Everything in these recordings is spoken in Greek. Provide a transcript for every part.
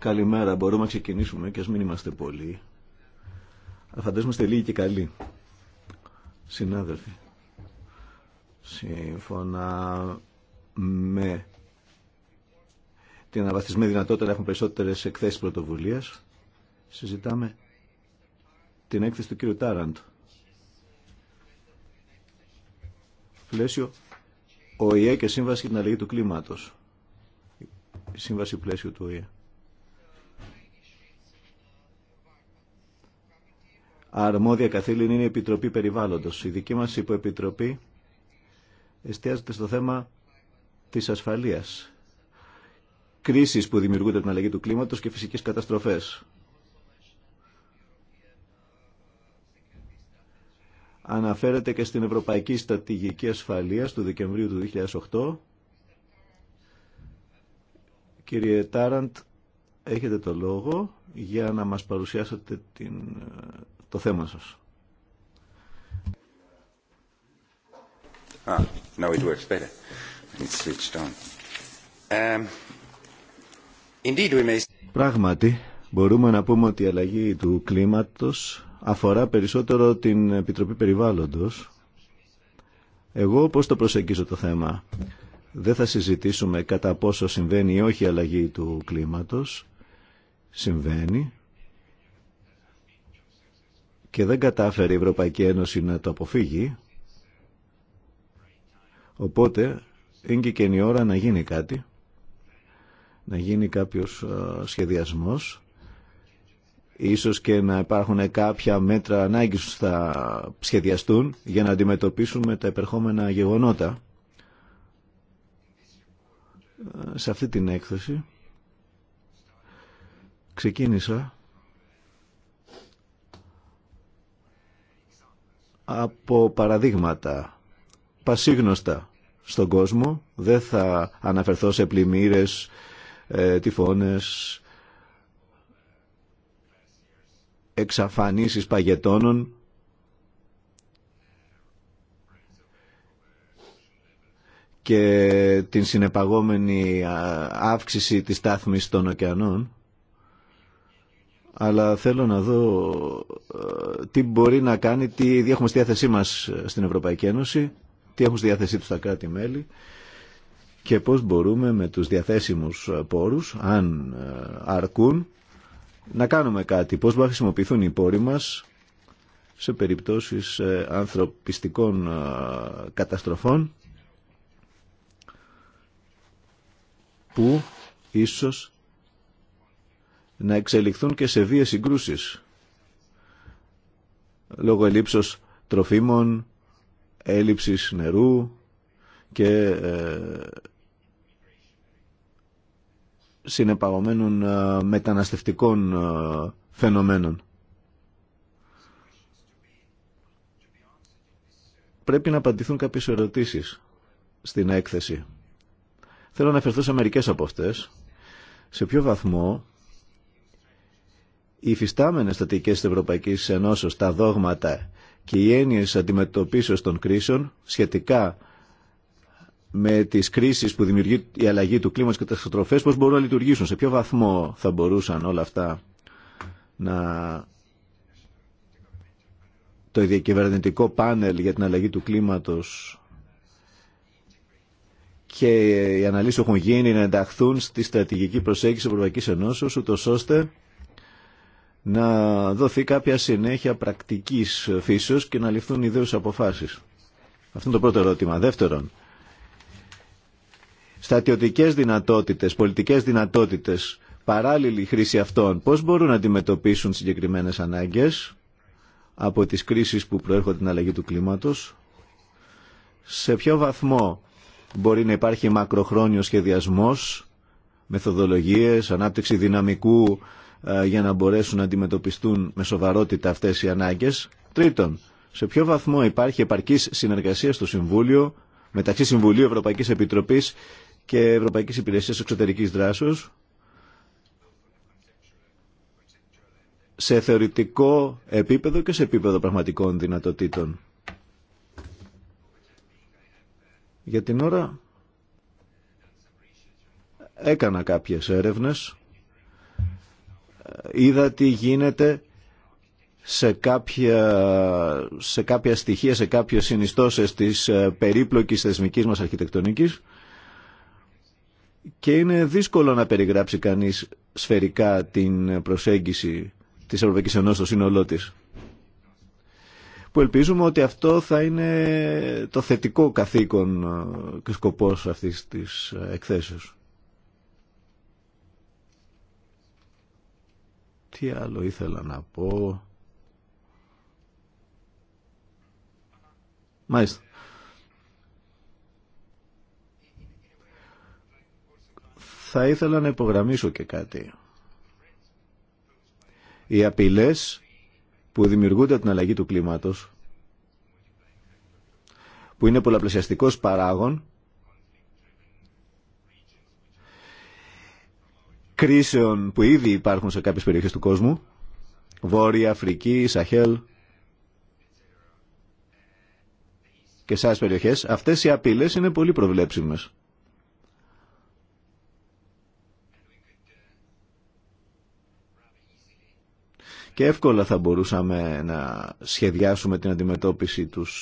Καλημέρα, μπορούμε να ξεκινήσουμε και ας μην είμαστε πολλοί. Φαντάζομαι είστε λίγοι και καλοί. Συνάδελφοι, σύμφωνα με την αναβαθισμένη δυνατότητα να έχουμε περισσότερε εκθέσει πρωτοβουλία. συζητάμε την έκθεση του κύριου Τάραντ. Πλαίσιο ΟΗΕ και Σύμβαση για την Αλλαγή του Κλίματος. σύμβαση πλαίσιο του ΟΗΕ. Αρμόδια καθήλυν είναι η Επιτροπή Περιβάλλοντος. Η δική μας υποεπιτροπή εστιάζεται στο θέμα της ασφαλείας. Κρίσεις που δημιουργούνται από την αλλαγή του κλίματος και φυσικές καταστροφές. αναφέρεται και στην Ευρωπαϊκή Στατηγική Ασφαλείας του Δεκεμβρίου του 2008. Κύριε Τάραντ, έχετε το λόγο για να μας παρουσιάσετε την, το θέμα σας. Πράγματι, μπορούμε να πούμε ότι η αλλαγή του κλίματος αφορά περισσότερο την Επιτροπή Περιβάλλοντος. Εγώ πώς το προσεγγίζω το θέμα. Δεν θα συζητήσουμε κατά πόσο συμβαίνει ή όχι η αλλαγή του κλίματος. Συμβαίνει. Και δεν κατάφερε η Ευρωπαϊκή Ένωση να το αποφύγει. Οπότε είναι και, η ώρα να γίνει κάτι. Να γίνει κάποιος σχεδιασμός Ίσως και να υπάρχουν κάποια μέτρα ανάγκη που θα σχεδιαστούν για να αντιμετωπίσουμε τα επερχόμενα γεγονότα. Σε αυτή την έκθεση ξεκίνησα από παραδείγματα πασίγνωστα στον κόσμο. Δεν θα αναφερθώ σε πλημμύρες, ε, τυφώνες, εξαφανίσεις παγετώνων και την συνεπαγόμενη αύξηση της στάθμης των ωκεανών αλλά θέλω να δω τι μπορεί να κάνει, τι έχουμε στη διάθεσή μας στην Ευρωπαϊκή Ένωση, τι έχουν στη διάθεσή τους τα κράτη-μέλη και πώς μπορούμε με τους διαθέσιμους πόρους, αν αρκούν, να κάνουμε κάτι. Πώς να χρησιμοποιηθούν οι πόροι μας σε περιπτώσεις ε, ανθρωπιστικών ε, καταστροφών που ίσως να εξελιχθούν και σε βίες συγκρούσεις λόγω ελλείψος τροφίμων, έλλειψης νερού και ε, συνεπαγωμένων ε, μεταναστευτικών ε, φαινομένων. Πρέπει να απαντηθούν κάποιες ερωτήσεις στην έκθεση. Θέλω να αφαιρθώ σε μερικές από αυτές. Σε ποιο βαθμό οι υφιστάμενες στατικές της Ευρωπαϊκής Ενώσεως, τα δόγματα και οι έννοιες αντιμετωπίσεως των κρίσεων σχετικά με τις κρίσεις που δημιουργεί η αλλαγή του κλίματος και τα καταστροφές πώς μπορούν να λειτουργήσουν, σε ποιο βαθμό θα μπορούσαν όλα αυτά να... Το διακυβερνητικό πάνελ για την αλλαγή του κλίματος και οι αναλύσει που έχουν γίνει να ενταχθούν στη στρατηγική προσέγγιση Ευρωπαϊκή Ενώσεω, ούτω ώστε να δοθεί κάποια συνέχεια πρακτικής φύσεως και να ληφθούν ιδέε αποφάσεις. Αυτό είναι το πρώτο ερώτημα. Δεύτερον, στατιωτικές δυνατότητες, πολιτικές δυνατότητες, παράλληλη χρήση αυτών, πώς μπορούν να αντιμετωπίσουν συγκεκριμένες ανάγκες από τις κρίσεις που προέρχονται την αλλαγή του κλίματος, σε ποιο βαθμό μπορεί να υπάρχει μακροχρόνιο σχεδιασμός, μεθοδολογίες, ανάπτυξη δυναμικού ε, για να μπορέσουν να αντιμετωπιστούν με σοβαρότητα αυτές οι ανάγκες. Τρίτον, σε ποιο βαθμό υπάρχει επαρκής συνεργασία στο Συμβούλιο μεταξύ Συμβουλίου Ευρωπαϊκής Επιτροπής και Ευρωπαϊκής Υπηρεσίας Εξωτερικής Δράσεως σε θεωρητικό επίπεδο και σε επίπεδο πραγματικών δυνατοτήτων. Για την ώρα έκανα κάποιες έρευνες, είδα τι γίνεται σε κάποια, σε κάποια στοιχεία, σε κάποιες συνιστώσεις της ε, περίπλοκης θεσμικής μας αρχιτεκτονικής και είναι δύσκολο να περιγράψει κανείς σφαιρικά την προσέγγιση της Ευρωπαϊκής Ενώσης στο σύνολό της. Που ελπίζουμε ότι αυτό θα είναι το θετικό καθήκον ε, και σκοπός αυτής της ε, εκθέσεως. Τι άλλο ήθελα να πω... Μάλιστα. θα ήθελα να υπογραμμίσω και κάτι. Οι απειλές που δημιουργούνται από την αλλαγή του κλίματος, που είναι πολλαπλασιαστικός παράγων, κρίσεων που ήδη υπάρχουν σε κάποιες περιοχές του κόσμου, Βόρεια, Αφρική, Σαχέλ και σε άλλες περιοχές, αυτές οι απειλές είναι πολύ προβλέψιμες. και εύκολα θα μπορούσαμε να σχεδιάσουμε την αντιμετώπιση τους.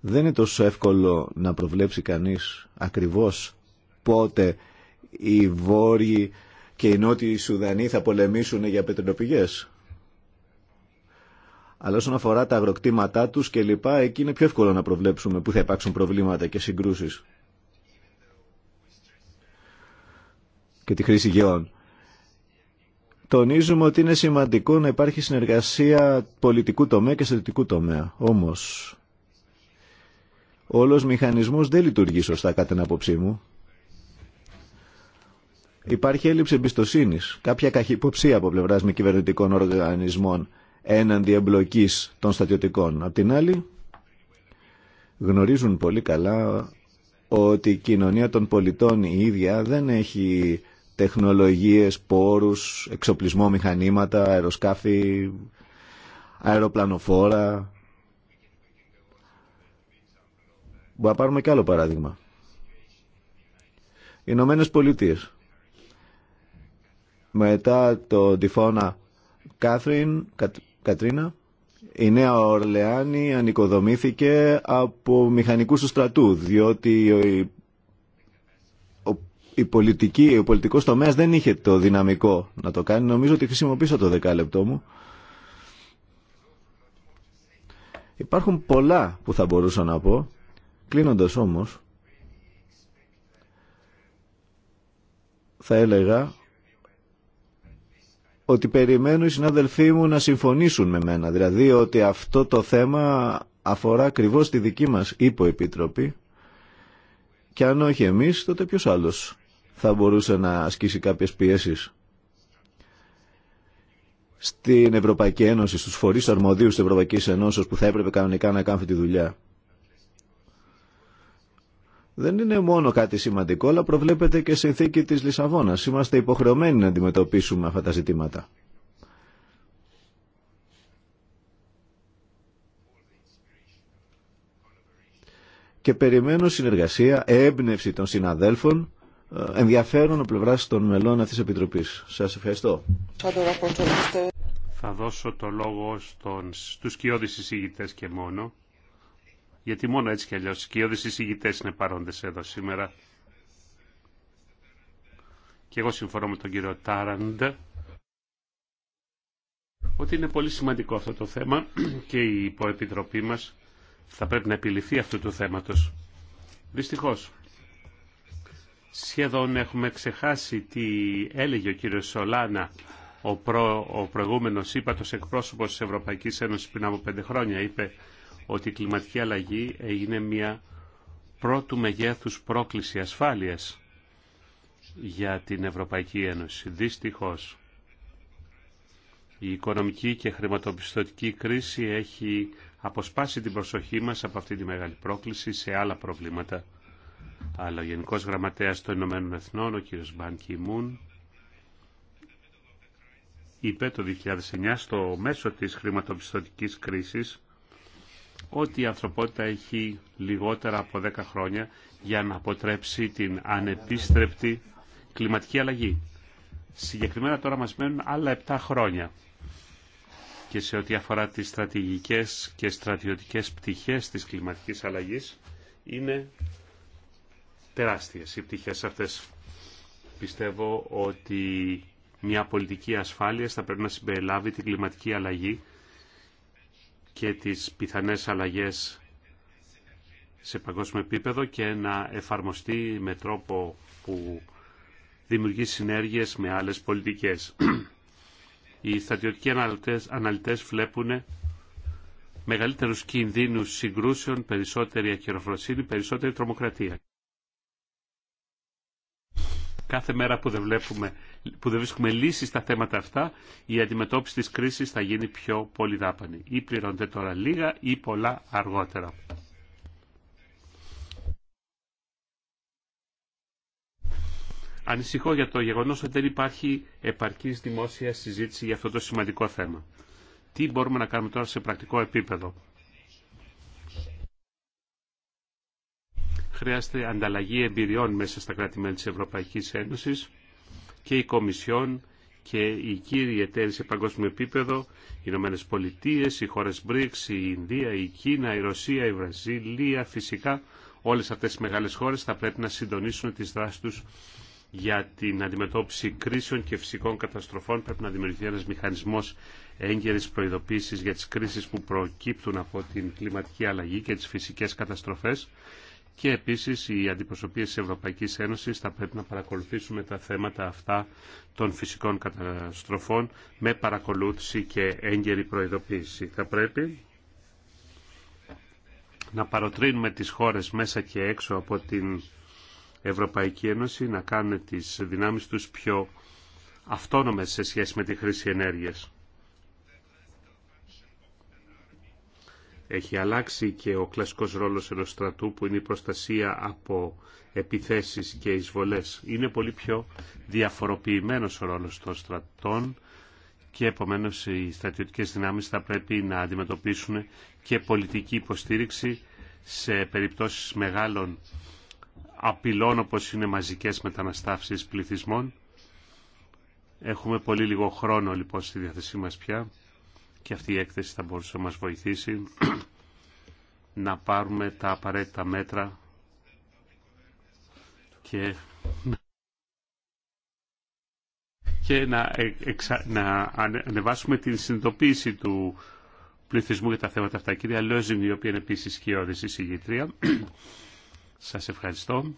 Δεν είναι τόσο εύκολο να προβλέψει κανείς ακριβώς πότε οι Βόρειοι και οι Νότιοι Σουδανοί θα πολεμήσουν για πετρελοπηγές. Αλλά όσον αφορά τα αγροκτήματά τους και λοιπά, εκεί είναι πιο εύκολο να προβλέψουμε που θα υπάρξουν προβλήματα και συγκρούσεις. και τη χρήση γεών. Τονίζουμε ότι είναι σημαντικό να υπάρχει συνεργασία πολιτικού τομέα και στρατιωτικού τομέα. Όμως, όλος μηχανισμός δεν λειτουργεί σωστά κατά την άποψή μου. Υπάρχει έλλειψη εμπιστοσύνη, κάποια καχυποψία από πλευρά μη κυβερνητικών οργανισμών έναντι εμπλοκή των στατιωτικών. Απ' την άλλη, γνωρίζουν πολύ καλά ότι η κοινωνία των πολιτών η ίδια δεν έχει τεχνολογίες, πόρους, εξοπλισμό, μηχανήματα, αεροσκάφη, αεροπλανοφόρα. Μπορούμε να πάρουμε και άλλο παράδειγμα. Οι Ηνωμένε Πολιτείε. Μετά το τυφώνα Κάθριν, Κατρίνα, η Νέα Ορλεάνη ανοικοδομήθηκε από μηχανικούς του στρατού, διότι οι η πολιτική, ο πολιτικός τομέας δεν είχε το δυναμικό να το κάνει. Νομίζω ότι χρησιμοποίησα το δεκάλεπτό μου. Υπάρχουν πολλά που θα μπορούσα να πω. Κλείνοντας όμως, θα έλεγα ότι περιμένω οι συνάδελφοί μου να συμφωνήσουν με μένα. Δηλαδή ότι αυτό το θέμα αφορά ακριβώ τη δική μας υποεπιτροπή και αν όχι εμείς τότε ποιος άλλος θα μπορούσε να ασκήσει κάποιες πιέσεις στην Ευρωπαϊκή Ένωση, στους φορείς αρμοδίου της Ευρωπαϊκής Ένωσης που θα έπρεπε κανονικά να κάνει αυτή τη δουλειά. Δεν είναι μόνο κάτι σημαντικό, αλλά προβλέπεται και συνθήκη της Λισαβόνας. Είμαστε υποχρεωμένοι να αντιμετωπίσουμε αυτά τα ζητήματα. Και περιμένω συνεργασία, έμπνευση των συναδέλφων ενδιαφέρον ο πλευράς των μελών αυτής της Επιτροπής. Σας ευχαριστώ. Θα δώσω το λόγο στον, στους σκιώδεις εισηγητές και μόνο, γιατί μόνο έτσι κι αλλιώς οι εισηγητές είναι παρόντες εδώ σήμερα. Και εγώ συμφωνώ με τον κύριο Τάραντ ότι είναι πολύ σημαντικό αυτό το θέμα και η υποεπιτροπή μας θα πρέπει να επιληθεί αυτού του θέματος. Δυστυχώς, σχεδόν έχουμε ξεχάσει τι έλεγε ο κύριος Σολάνα, ο, προ, ο προηγούμενος ύπατος εκπρόσωπος της Ευρωπαϊκής Ένωσης πριν από πέντε χρόνια. Είπε ότι η κλιματική αλλαγή έγινε μια πρώτου μεγέθους πρόκληση ασφάλειας για την Ευρωπαϊκή Ένωση. Δυστυχώς, η οικονομική και χρηματοπιστωτική κρίση έχει αποσπάσει την προσοχή μας από αυτή τη μεγάλη πρόκληση σε άλλα προβλήματα αλλά ο Γενικός Γραμματέας των Ηνωμένων Εθνών, ο κ. Μπαν Κιμούν, είπε το 2009 στο μέσο της χρηματοπιστωτικής κρίσης ότι η ανθρωπότητα έχει λιγότερα από 10 χρόνια για να αποτρέψει την ανεπίστρεπτη κλιματική αλλαγή. Συγκεκριμένα τώρα μας μένουν άλλα 7 χρόνια και σε ό,τι αφορά τις στρατηγικές και στρατιωτικές πτυχές της κλιματικής αλλαγής είναι τεράστιες οι πτυχές αυτές. Πιστεύω ότι μια πολιτική ασφάλειας θα πρέπει να συμπεριλάβει την κλιματική αλλαγή και τις πιθανές αλλαγές σε παγκόσμιο επίπεδο και να εφαρμοστεί με τρόπο που δημιουργεί συνέργειες με άλλες πολιτικές. Οι στατιωτικοί αναλυτές, αναλυτές βλέπουν μεγαλύτερους κινδύνους συγκρούσεων, περισσότερη ακυροφροσύνη, περισσότερη τρομοκρατία. Κάθε μέρα που δεν, βλέπουμε, που δεν βρίσκουμε λύσεις στα θέματα αυτά, η αντιμετώπιση της κρίσης θα γίνει πιο πολυδάπανη. Ή πληρώνεται τώρα λίγα ή πολλά αργότερα. Ανησυχώ για το γεγονός ότι δεν υπάρχει επαρκής δημόσια συζήτηση για αυτό το σημαντικό θέμα. Τι μπορούμε να κάνουμε τώρα σε πρακτικό επίπεδο. Χρειάζεται ανταλλαγή εμπειριών μέσα στα κράτη-μέλη της Ευρωπαϊκής Ένωσης και η Κομισιόν και οι κύριοι εταίροι σε παγκόσμιο επίπεδο, οι Ηνωμένε Πολιτείε, οι χώρε BRICS, η Ινδία, η Κίνα, η Ρωσία, η Βραζιλία, φυσικά όλε αυτέ οι μεγάλε χώρε θα πρέπει να συντονίσουν τι δράσει του για την αντιμετώπιση κρίσεων και φυσικών καταστροφών. Πρέπει να δημιουργηθεί ένα μηχανισμό έγκαιρη προειδοποίηση για τι κρίσει που προκύπτουν από την κλιματική αλλαγή και τι φυσικέ καταστροφέ και επίσης οι αντιπροσωπείες της Ευρωπαϊκής Ένωσης θα πρέπει να παρακολουθήσουμε τα θέματα αυτά των φυσικών καταστροφών με παρακολούθηση και έγκαιρη προειδοποίηση. Θα πρέπει να παροτρύνουμε τις χώρες μέσα και έξω από την Ευρωπαϊκή Ένωση να κάνουν τις δυνάμεις τους πιο αυτόνομες σε σχέση με τη χρήση ενέργειας. Έχει αλλάξει και ο κλασικός ρόλος ενός στρατού που είναι η προστασία από επιθέσεις και εισβολές. Είναι πολύ πιο διαφοροποιημένος ο ρόλος των στρατών και επομένως οι στρατιωτικές δυνάμεις θα πρέπει να αντιμετωπίσουν και πολιτική υποστήριξη σε περιπτώσεις μεγάλων απειλών όπως είναι μαζικές μεταναστάυσεις πληθυσμών. Έχουμε πολύ λίγο χρόνο λοιπόν στη διάθεσή μας πια και αυτή η έκθεση θα μπορούσε να μας βοηθήσει να πάρουμε τα απαραίτητα μέτρα και και να, ε- να ανεβάσουμε την συνειδητοποίηση του πληθυσμού για τα θέματα αυτά. Κυρία Λόζιν, η οποία είναι επίσης σκιώδης εισηγήτρια. Σας ευχαριστώ.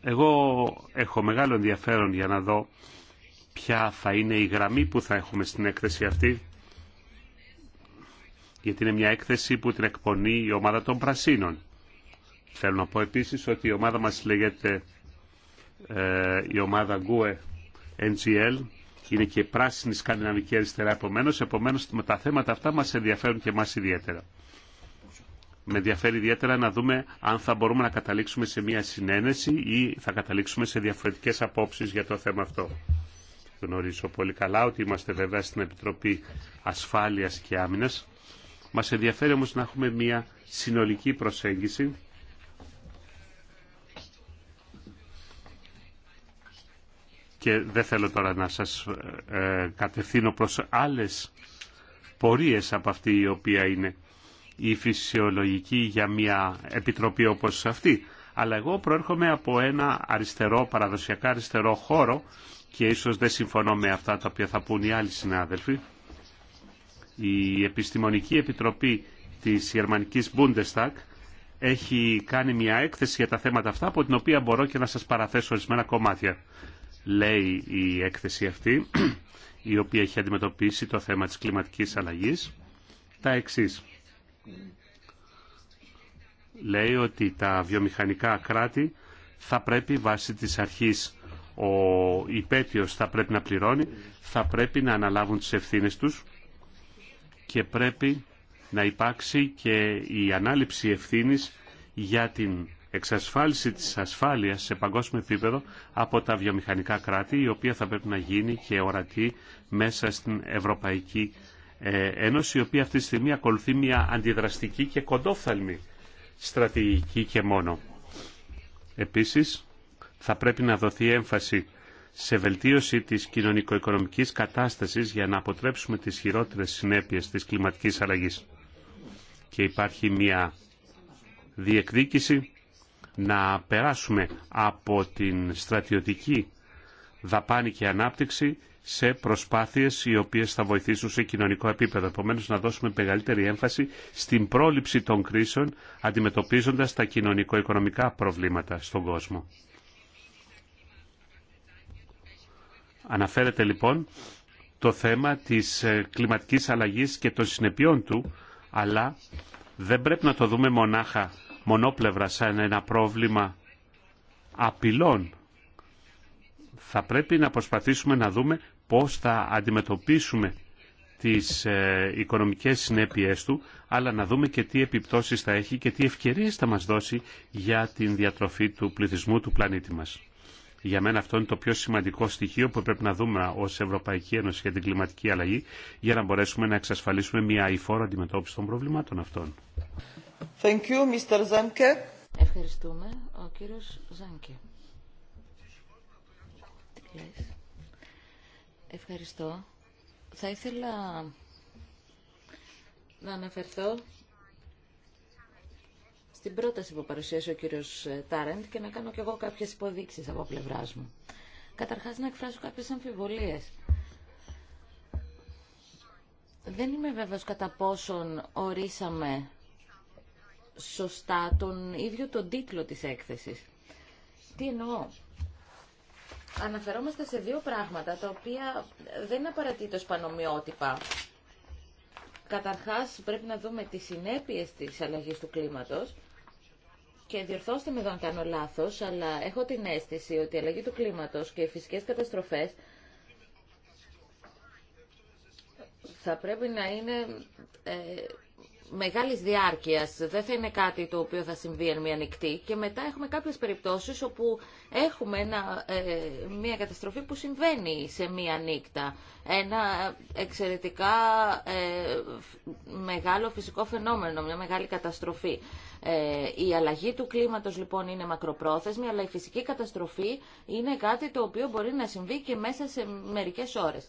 Εγώ έχω μεγάλο ενδιαφέρον για να δω ποια θα είναι η γραμμή που θα έχουμε στην έκθεση αυτή γιατί είναι μια έκθεση που την εκπονεί η ομάδα των Πρασίνων. Θέλω να πω επίση ότι η ομάδα μας λέγεται ε, η ομάδα GUE NGL, είναι και πράσινη σκανδιναβική αριστερά επομένω, επομένω τα θέματα αυτά μας ενδιαφέρουν και μας ιδιαίτερα. Με ενδιαφέρει ιδιαίτερα να δούμε αν θα μπορούμε να καταλήξουμε σε μια συνένεση ή θα καταλήξουμε σε διαφορετικές απόψει για το θέμα αυτό γνωρίζω πολύ καλά ότι είμαστε βέβαια στην Επιτροπή Ασφάλειας και Άμυνας. Μας ενδιαφέρει όμως να έχουμε μια συνολική προσέγγιση και δεν θέλω τώρα να σας ε, κατευθύνω προς άλλες πορείες από αυτή η οποία είναι η φυσιολογική για μια επιτροπή όπως αυτή. Αλλά εγώ προέρχομαι από ένα αριστερό, παραδοσιακά αριστερό χώρο και ίσως δεν συμφωνώ με αυτά τα οποία θα πούν οι άλλοι συνάδελφοι. Η Επιστημονική Επιτροπή της Γερμανικής Bundestag έχει κάνει μια έκθεση για τα θέματα αυτά από την οποία μπορώ και να σας παραθέσω ορισμένα κομμάτια. Λέει η έκθεση αυτή, η οποία έχει αντιμετωπίσει το θέμα της κλιματικής αλλαγής, τα εξής. Λέει ότι τα βιομηχανικά κράτη θα πρέπει βάσει της αρχής ο υπέτειος θα πρέπει να πληρώνει, θα πρέπει να αναλάβουν τις ευθύνες τους και πρέπει να υπάρξει και η ανάληψη ευθύνης για την εξασφάλιση της ασφάλειας σε παγκόσμιο επίπεδο από τα βιομηχανικά κράτη, η οποία θα πρέπει να γίνει και ορατή μέσα στην Ευρωπαϊκή ε, Ένωση, η οποία αυτή τη στιγμή ακολουθεί μια αντιδραστική και κοντόφθαλμη στρατηγική και μόνο. Επίσης, θα πρέπει να δοθεί έμφαση σε βελτίωση της κοινωνικο-οικονομικής κατάστασης για να αποτρέψουμε τις χειρότερες συνέπειες της κλιματικής αλλαγής. Και υπάρχει μια διεκδίκηση να περάσουμε από την στρατιωτική δαπάνη και ανάπτυξη σε προσπάθειες οι οποίες θα βοηθήσουν σε κοινωνικό επίπεδο. Επομένως, να δώσουμε μεγαλύτερη έμφαση στην πρόληψη των κρίσεων, αντιμετωπίζοντας τα κοινωνικο-οικονομικά προβλήματα στον κόσμο. Αναφέρεται λοιπόν το θέμα της ε, κλιματικής αλλαγής και των συνεπειών του, αλλά δεν πρέπει να το δούμε μονάχα μονόπλευρα σαν ένα πρόβλημα απειλών. Θα πρέπει να προσπαθήσουμε να δούμε πώς θα αντιμετωπίσουμε τις ε, οικονομικές συνέπειες του, αλλά να δούμε και τι επιπτώσεις θα έχει και τι ευκαιρίες θα μας δώσει για την διατροφή του πληθυσμού του πλανήτη μας. Για μένα αυτό είναι το πιο σημαντικό στοιχείο που πρέπει να δούμε ως Ευρωπαϊκή Ένωση για την κλιματική αλλαγή για να μπορέσουμε να εξασφαλίσουμε μια αηφόρα αντιμετώπιση των προβλημάτων αυτών. Thank you, Mr. Ευχαριστούμε. Ο κύριος Ζάνκε. Ευχαριστώ. Θα ήθελα να αναφερθώ στην πρόταση που παρουσίασε ο κύριο ε, Τάρεντ και να κάνω κι εγώ κάποιε υποδείξει από πλευρά μου. Καταρχά να εκφράσω κάποιε αμφιβολίε. Δεν είμαι βέβαιος κατά πόσον ορίσαμε σωστά τον ίδιο τον τίτλο της έκθεσης. Τι εννοώ. Αναφερόμαστε σε δύο πράγματα τα οποία δεν είναι απαραίτητο πανομοιότυπα. Καταρχάς πρέπει να δούμε τις συνέπειες της αλλαγής του κλίματος και διορθώστε με εδώ αν κάνω λάθος, αλλά έχω την αίσθηση ότι η αλλαγή του κλίματος και οι φυσικέ καταστροφές θα πρέπει να είναι ε, Μεγάλη διάρκεια δεν θα είναι κάτι το οποίο θα συμβεί εν μία νυχτή και μετά έχουμε κάποιες περιπτώσεις όπου έχουμε ένα, ε, μία καταστροφή που συμβαίνει σε μία νύχτα. Ένα εξαιρετικά ε, μεγάλο φυσικό φαινόμενο, μια νυχτη και μετα εχουμε καποιες περιπτωσεις οπου εχουμε μια καταστροφη που συμβαινει σε μια νυχτα ενα εξαιρετικα μεγαλο φυσικο φαινομενο μια μεγαλη καταστροφη ε, η αλλαγή του κλίματος λοιπόν είναι μακροπρόθεσμη, αλλά η φυσική καταστροφή είναι κάτι το οποίο μπορεί να συμβεί και μέσα σε μερικές ώρες.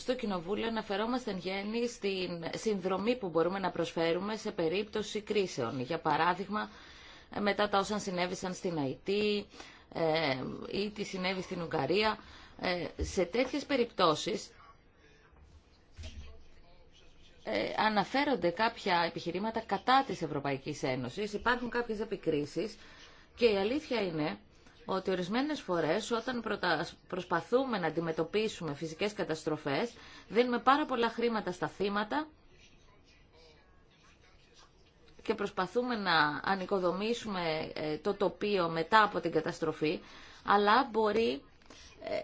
στο Κοινοβούλιο αναφερόμαστε εν γέννη στην συνδρομή που μπορούμε να προσφέρουμε σε περίπτωση κρίσεων. Για παράδειγμα, μετά τα όσα συνέβησαν στην Αϊτή ε, ή τι συνέβη στην Ουγγαρία. Ε, σε τέτοιες περιπτώσεις ε, αναφέρονται κάποια επιχειρήματα κατά της Ευρωπαϊκής Ένωσης, υπάρχουν κάποιες επικρίσεις και η αλήθεια είναι ότι ορισμένες φορές όταν προσπαθούμε να αντιμετωπίσουμε φυσικές καταστροφές, δίνουμε πάρα πολλά χρήματα στα θύματα και προσπαθούμε να ανοικοδομήσουμε ε, το τοπίο μετά από την καταστροφή, αλλά μπορεί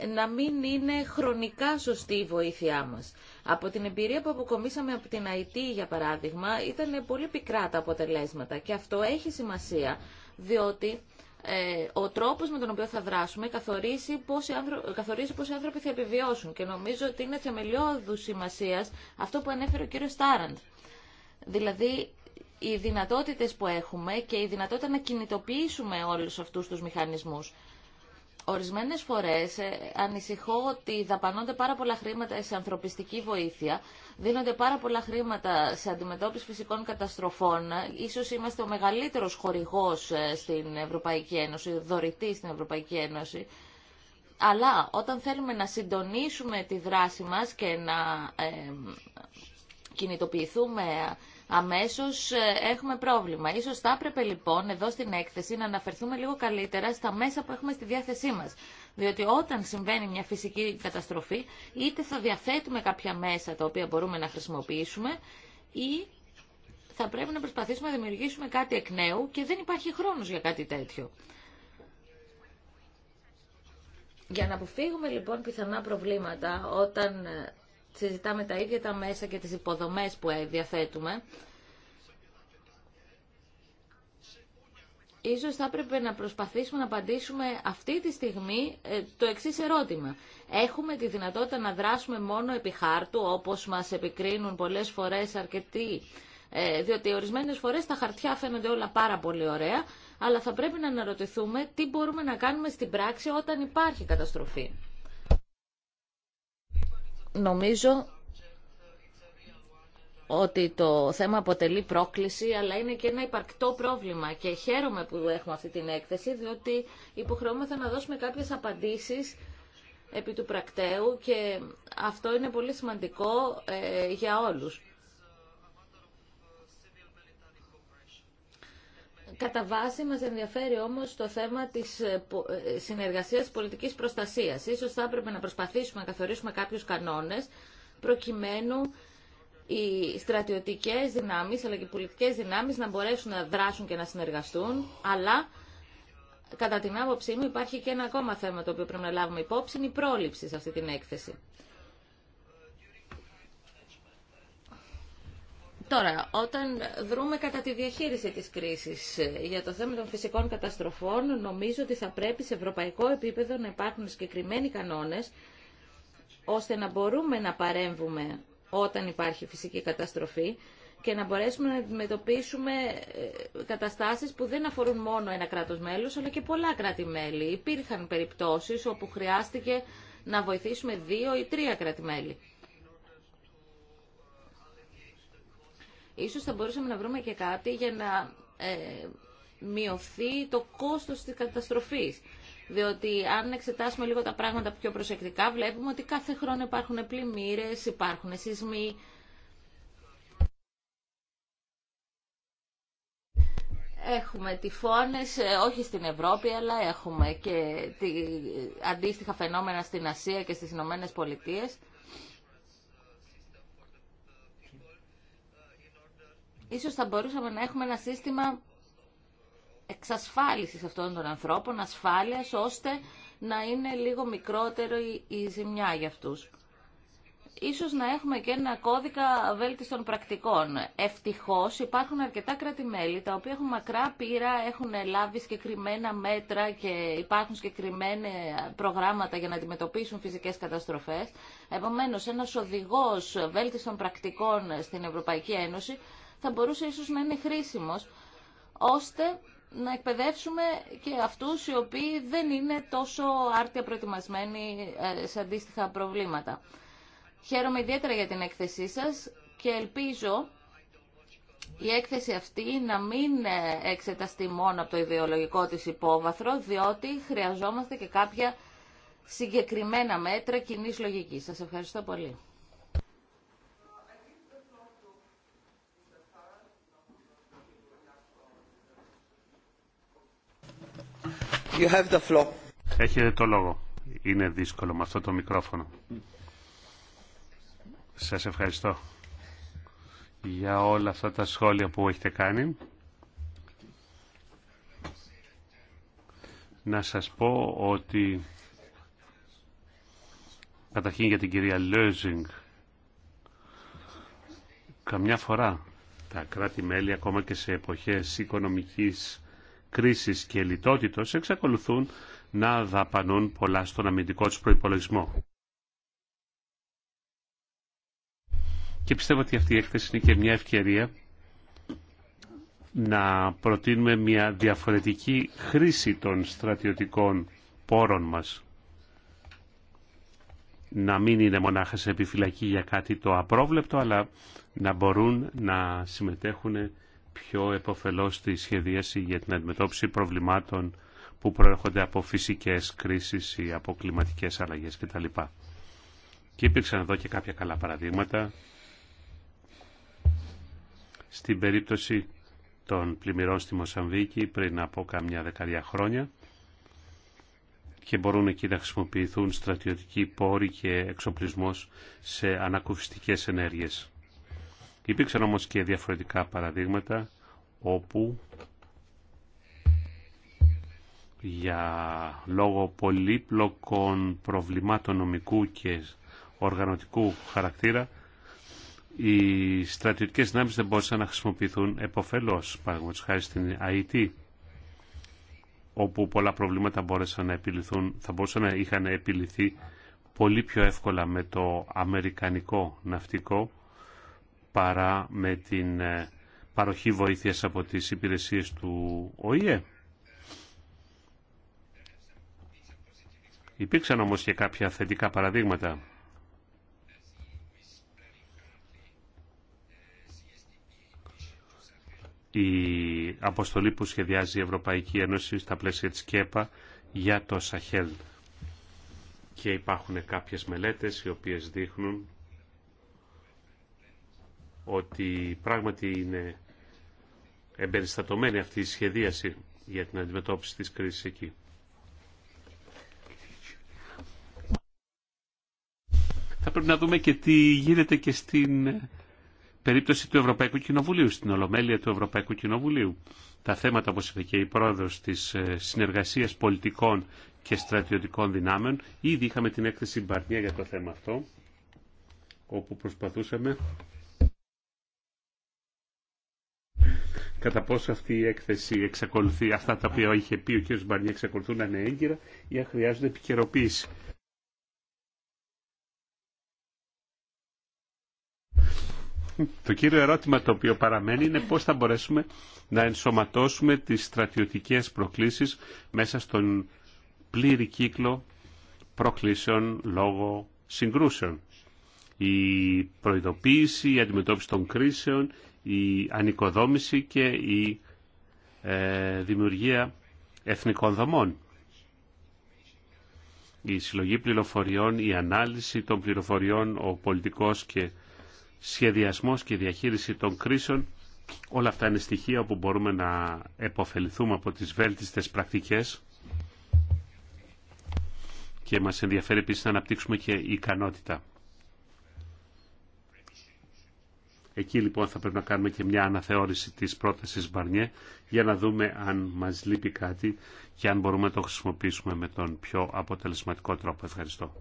ε, να μην είναι χρονικά σωστή η βοήθειά μας. Από την εμπειρία που αποκομίσαμε από την ΑΕΤ, για παράδειγμα, ήταν πολύ πικρά τα αποτελέσματα και αυτό έχει σημασία, διότι ε, ο τρόπος με τον οποίο θα δράσουμε καθορίζει πόσοι, άνθρωποι θα επιβιώσουν και νομίζω ότι είναι θεμελιώδου σημασία αυτό που ανέφερε ο κύριο Στάραντ. Δηλαδή οι δυνατότητες που έχουμε και η δυνατότητα να κινητοποιήσουμε όλους αυτούς τους μηχανισμούς. Ορισμένες φορές ε, ανησυχώ ότι δαπανώνται πάρα πολλά χρήματα σε ανθρωπιστική βοήθεια Δίνονται πάρα πολλά χρήματα σε αντιμετώπιση φυσικών καταστροφών. Ίσως είμαστε ο μεγαλύτερος χορηγός ε, στην Ευρωπαϊκή Ένωση, δωρητή στην Ευρωπαϊκή Ένωση. Αλλά όταν θέλουμε να συντονίσουμε τη δράση μας και να κινητοποιηθούμε αμέσως ε, έχουμε πρόβλημα. Ίσως θα έπρεπε λοιπόν εδώ στην έκθεση να αναφερθούμε λίγο καλύτερα στα μέσα που έχουμε στη διάθεσή μας. Διότι όταν συμβαίνει μια φυσική καταστροφή, είτε θα διαθέτουμε κάποια μέσα τα οποία μπορούμε να χρησιμοποιήσουμε ή θα πρέπει να προσπαθήσουμε να δημιουργήσουμε κάτι εκ νέου και δεν υπάρχει χρόνος για κάτι τέτοιο. Για να αποφύγουμε λοιπόν πιθανά προβλήματα όταν ε, συζητάμε τα ίδια τα μέσα και τις υποδομές που ε, διαθέτουμε, ίσως θα έπρεπε να προσπαθήσουμε να απαντήσουμε αυτή τη στιγμή ε, το εξής ερώτημα. Έχουμε τη δυνατότητα να δράσουμε μόνο επί χάρτου, όπως μας επικρίνουν πολλές φορές αρκετοί, ε, διότι ορισμένες φορές τα χαρτιά φαίνονται όλα πάρα πολύ ωραία, αλλά θα πρέπει να αναρωτηθούμε τι μπορούμε να κάνουμε στην πράξη όταν υπάρχει καταστροφή. Νομίζω ότι το θέμα αποτελεί πρόκληση, αλλά είναι και ένα υπαρκτό πρόβλημα. Και χαίρομαι που έχουμε αυτή την έκθεση, διότι υποχρεώμεθα να δώσουμε κάποιες απαντήσεις επί του πρακτέου και αυτό είναι πολύ σημαντικό ε, για όλους. Κατά βάση μας ενδιαφέρει όμως το θέμα της ε, ε, συνεργασίας πολιτικής προστασίας. Ίσως θα έπρεπε να προσπαθήσουμε να καθορίσουμε κάποιους κανόνες προκειμένου οι στρατιωτικές δυνάμεις αλλά και οι πολιτικές δυνάμεις να μπορέσουν να δράσουν και να συνεργαστούν, αλλά κατά την άποψή μου υπάρχει και ένα ακόμα θέμα το οποίο πρέπει να λάβουμε υπόψη, είναι η πρόληψη σε αυτή την έκθεση. Τώρα, όταν δρούμε κατά τη διαχείριση της κρίσης ε, για το θέμα των φυσικών καταστροφών, νομίζω ότι θα πρέπει σε ευρωπαϊκό επίπεδο να υπάρχουν συγκεκριμένοι κανόνες, ώστε να μπορούμε να παρέμβουμε όταν υπάρχει φυσική καταστροφή και να μπορέσουμε να αντιμετωπίσουμε ε, καταστάσεις που δεν αφορούν μόνο ένα κράτος μέλος, αλλά και πολλά κράτη-μέλη. Υπήρχαν περιπτώσεις όπου χρειάστηκε να βοηθήσουμε δύο ή τρία κράτη-μέλη. Ίσως θα μπορούσαμε να βρούμε και κάτι για να ε, μειωθεί το κόστος της καταστροφής. Διότι αν εξετάσουμε λίγο τα πράγματα πιο προσεκτικά, βλέπουμε ότι κάθε χρόνο υπάρχουν πλημμύρες, υπάρχουν σεισμοί. Έχουμε τυφώνες, ε, όχι στην Ευρώπη, αλλά έχουμε και τη, αντίστοιχα φαινόμενα στην Ασία και στις Ηνωμένε Πολιτείες. Ίσως θα μπορούσαμε να έχουμε ένα σύστημα εξασφάλισης αυτών των ανθρώπων, ασφάλειας, ώστε να είναι λίγο μικρότερο η ζημιά για αυτούς. Ίσως να έχουμε και ένα κώδικα βέλτιστων πρακτικών. Ευτυχώς υπάρχουν αρκετά κράτη-μέλη τα οποία έχουν μακρά πείρα, έχουν λάβει συγκεκριμένα μέτρα και υπάρχουν συγκεκριμένα προγράμματα για να αντιμετωπίσουν φυσικές καταστροφές. Επομένως, ένας οδηγός βέλτιστων πρακτικών στην Ευρωπαϊκή Ένωση θα μπορούσε ίσως να είναι χρήσιμος, ώστε να εκπαιδεύσουμε και αυτούς οι οποίοι δεν είναι τόσο άρτια προετοιμασμένοι ε, σε αντίστοιχα προβλήματα. Χαίρομαι ιδιαίτερα για την έκθεσή σας και ελπίζω η έκθεση αυτή να μην ε, εξεταστεί μόνο από το ιδεολογικό της υπόβαθρο, διότι χρειαζόμαστε και κάποια συγκεκριμένα μέτρα κοινή λογικής. Σας ευχαριστώ πολύ. Έχετε το λόγο. Είναι δύσκολο με αυτό το μικρόφωνο. Σας ευχαριστώ για όλα αυτά τα σχόλια που έχετε κάνει. Να σας πω ότι καταρχήν για την κυρία Λέζινγκ καμιά φορά τα κράτη-μέλη ακόμα και σε εποχές οικονομικής κρίσης και λιτότητος εξακολουθούν να δαπανούν πολλά στον αμυντικό τους προϋπολογισμό. Και πιστεύω ότι αυτή η έκθεση είναι και μια ευκαιρία να προτείνουμε μια διαφορετική χρήση των στρατιωτικών πόρων μας. Να μην είναι μονάχα σε επιφυλακή για κάτι το απρόβλεπτο, αλλά να μπορούν να συμμετέχουν πιο επωφελώς στη σχεδίαση για την αντιμετώπιση προβλημάτων που προέρχονται από φυσικές κρίσεις ή από κλιματικές αλλαγές κτλ. Και υπήρξαν εδώ και κάποια καλά παραδείγματα. Στην περίπτωση των πλημμυρών στη Μοσαμβίκη πριν από κάμια δεκαετία χρόνια και μπορούν εκεί να χρησιμοποιηθούν στρατιωτικοί πόροι και εξοπλισμός σε ανακουφιστικές ενέργειες. Υπήρξαν όμως και διαφορετικά παραδείγματα όπου για λόγω πολύπλοκων προβλημάτων νομικού και οργανωτικού χαρακτήρα οι στρατιωτικές δυνάμεις δεν μπορούσαν να χρησιμοποιηθούν επωφελώς, παραδείγματος χάρη στην ΑΕΤ, όπου πολλά προβλήματα μπορούσαν να θα μπορούσαν να είχαν επιληθεί πολύ πιο εύκολα με το αμερικανικό ναυτικό παρά με την ε, παροχή βοήθειας από τις υπηρεσίες του ΟΗΕ. Υπήρξαν όμως και κάποια θετικά παραδείγματα. η αποστολή που σχεδιάζει η Ευρωπαϊκή Ένωση στα πλαίσια της ΚΕΠΑ για το Σαχέλ. Και υπάρχουν κάποιες μελέτες οι οποίες δείχνουν ότι πράγματι είναι εμπεριστατωμένη αυτή η σχεδίαση για την αντιμετώπιση της κρίσης εκεί. Θα πρέπει να δούμε και τι γίνεται και στην περίπτωση του Ευρωπαϊκού Κοινοβουλίου, στην Ολομέλεια του Ευρωπαϊκού Κοινοβουλίου. Τα θέματα, όπως είπε και η πρόεδρος της ε, συνεργασίας πολιτικών και στρατιωτικών δυνάμεων, ήδη είχαμε την έκθεση Μπαρνία για το θέμα αυτό, όπου προσπαθούσαμε κατά πόσο αυτή η έκθεση εξακολουθεί αυτά τα οποία είχε πει ο κ. Μπαρνιέ εξακολουθούν να είναι έγκυρα ή αν χρειάζονται επικαιροποίηση. Το κύριο ερώτημα το οποίο παραμένει είναι πώς θα μπορέσουμε να ενσωματώσουμε τις στρατιωτικές προκλήσεις μέσα στον πλήρη κύκλο προκλήσεων λόγω συγκρούσεων. Η προειδοποίηση, η αντιμετώπιση των κρίσεων, η ανοικοδόμηση και η ε, δημιουργία εθνικών δομών. Η συλλογή πληροφοριών, η ανάλυση των πληροφοριών, ο πολιτικός και σχεδιασμός και διαχείριση των κρίσεων, όλα αυτά είναι στοιχεία που μπορούμε να επωφεληθούμε από τις βέλτιστες πρακτικές και μας ενδιαφέρει επίσης να αναπτύξουμε και ικανότητα. Εκεί λοιπόν θα πρέπει να κάνουμε και μια αναθεώρηση της πρότασης Μπαρνιέ για να δούμε αν μας λείπει κάτι και αν μπορούμε να το χρησιμοποιήσουμε με τον πιο αποτελεσματικό τρόπο. Ευχαριστώ.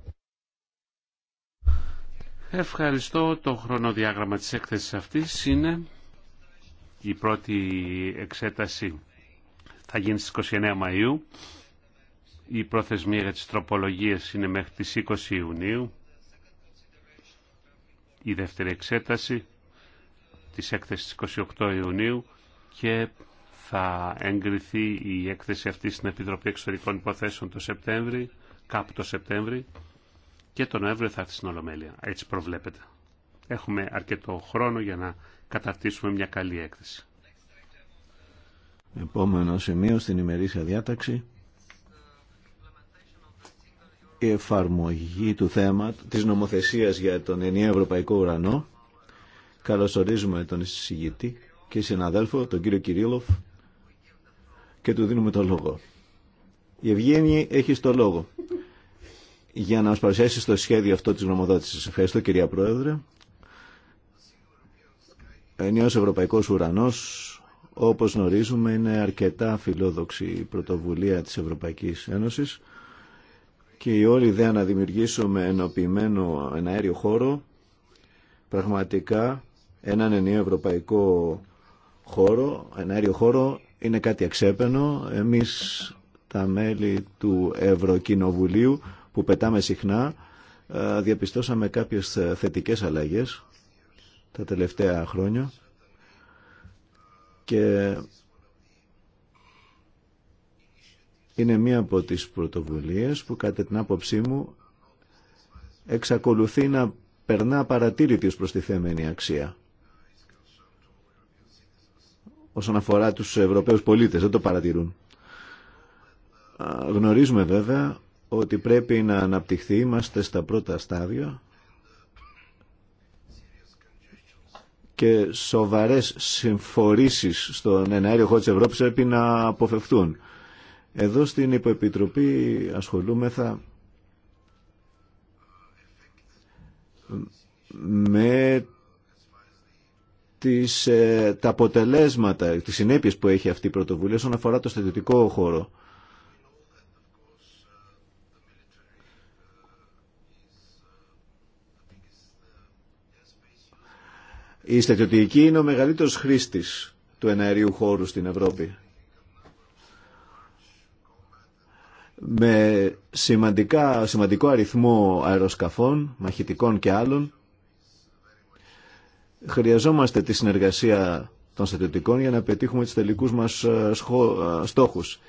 Ευχαριστώ. Το χρονοδιάγραμμα της έκθεσης αυτής είναι η πρώτη εξέταση θα γίνει στις 29 Μαΐου. Η προθεσμία για τις τροπολογίες είναι μέχρι τις 20 Ιουνίου. Η δεύτερη εξέταση της έκθεσης 28 Ιουνίου και θα εγκριθεί η έκθεση αυτή στην Επιτροπή Εξωτερικών Υποθέσεων το Σεπτέμβρη, κάπου το Σεπτέμβρη και τον Νοέμβριο θα έρθει στην Ολομέλεια. Έτσι προβλέπεται. Έχουμε αρκετό χρόνο για να καταρτήσουμε μια καλή έκθεση. Επόμενο σημείο στην ημερήσια διάταξη η εφαρμογή του θέμα της νομοθεσίας για τον ενιαίο ευρωπαϊκό ουρανό Καλωσορίζουμε τον εισηγητή και συναδέλφο, τον κύριο Κυρίλοφ, και του δίνουμε το λόγο. Η Ευγένη έχει το λόγο για να μας παρουσιάσει το σχέδιο αυτό της γνωμοδότησης. Ευχαριστώ κυρία Πρόεδρε. Ενιός Ευρωπαϊκός Ουρανός, όπως γνωρίζουμε, είναι αρκετά φιλόδοξη η πρωτοβουλία της Ευρωπαϊκής Ένωσης και η όλη ιδέα να δημιουργήσουμε ένα αέριο χώρο πραγματικά έναν ενιαίο ευρωπαϊκό χώρο, ένα αέριο χώρο, είναι κάτι αξέπαινο. Εμείς τα μέλη του Ευρωκοινοβουλίου που πετάμε συχνά ε, διαπιστώσαμε κάποιες θετικές αλλαγές τα τελευταία χρόνια και είναι μία από τις πρωτοβουλίες που κατά την άποψή μου εξακολουθεί να περνά παρατήρητη τη θέμενη αξία όσον αφορά τους Ευρωπαίους πολίτες. Δεν το παρατηρούν. Γνωρίζουμε βέβαια ότι πρέπει να αναπτυχθεί. Είμαστε στα πρώτα στάδια και σοβαρές συμφορήσεις στον εναέριο χώρο της Ευρώπης πρέπει να αποφευθούν. Εδώ στην Υποεπιτροπή ασχολούμεθα με τις, ε, τα αποτελέσματα, τις συνέπειες που έχει αυτή η πρωτοβουλία όσον αφορά το στρατιωτικό χώρο. Η στρατιωτική είναι ο μεγαλύτερος χρήστης του εναερίου χώρου στην Ευρώπη. Με σημαντικά, σημαντικό αριθμό αεροσκαφών, μαχητικών και άλλων, Χρειαζόμαστε τη συνεργασία των στρατιωτικών για να πετύχουμε τους τελικούς μας ε, ε, στόχους.